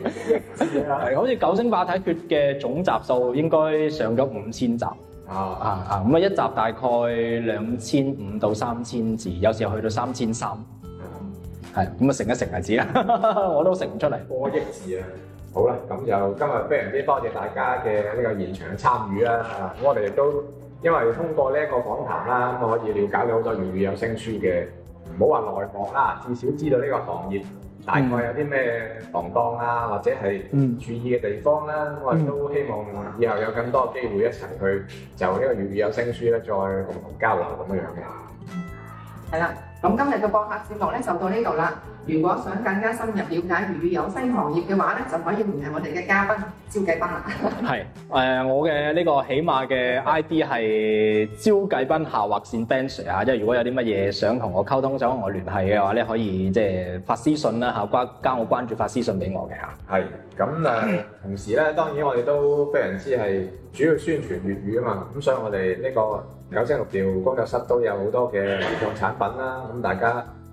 字，係，好似《九星霸體訣》嘅總集數應該上咗五千集。啊啊啊！咁啊一集大概兩千五到三千字，有時候去到三千三，係咁啊，成一成係紙啦， <laughs> 我都成唔出嚟，過億字啊！好啦，咁就今日非常之多謝大家嘅呢個現場嘅參與啦！啊，我哋亦都因為通過呢一個講談啦、啊，咁可以了解到好多粵語有聲書嘅，唔好話內幕啦，至少知道呢個行業。嗯、大概有啲咩行當啊，或者係注意嘅地方啦、啊，嗯、我哋都希望以後有更多機會一齊去就一個、嗯呢，就因為粵語有聲書咧，再共同交流咁樣樣嘅。係啦，咁今日嘅播客節目咧就到呢度啦。如果想更加深入了解粵語有聲行業嘅話咧，就可以聯繫我哋嘅嘉賓招繼斌啦。係誒、 <laughs> 呃，我嘅呢個起碼嘅 ID 係招繼斌下劃線 Ben Sir 啊，即係如果有啲乜嘢想同我溝通，想同我聯繫嘅話咧，可以即係、就是、發私信啦嚇，關加我關注發私信俾我嘅嚇。係咁誒，同時咧，當然我哋都非常之係主要宣傳粵語啊嘛，咁所以我哋呢個九星六調工作室都有好多嘅錄製產品啦，咁大家。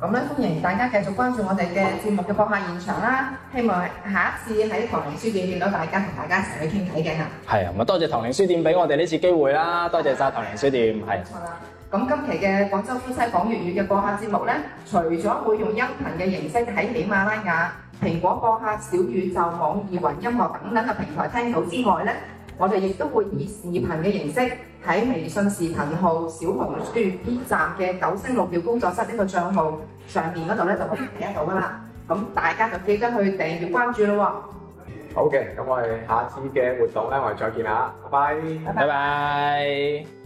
咁咧，歡迎大家繼續關注我哋嘅節目嘅播客現場啦！希望下一次喺唐寧書店見到大家，同大家一齊去傾偈嘅嚇。係啊，咁多謝唐寧書店俾我哋呢次機會啦，多謝晒唐寧書店。係。好啦，咁今期嘅廣州夫妻講粵語嘅播客節目咧，除咗會用音頻嘅形式喺喜馬拉雅、蘋果播客、小宇宙、網易雲音樂等等嘅平台聽到之外咧。我哋亦都會以視頻嘅形式喺微信視頻號、小紅書、B 站嘅九星六調工作室呢、這個帳號上面嗰度咧，就可以睇得到噶啦。咁大家就記得去訂閱關注咯。好嘅，咁我哋下次嘅活動咧，我哋再見啦，拜拜，拜拜。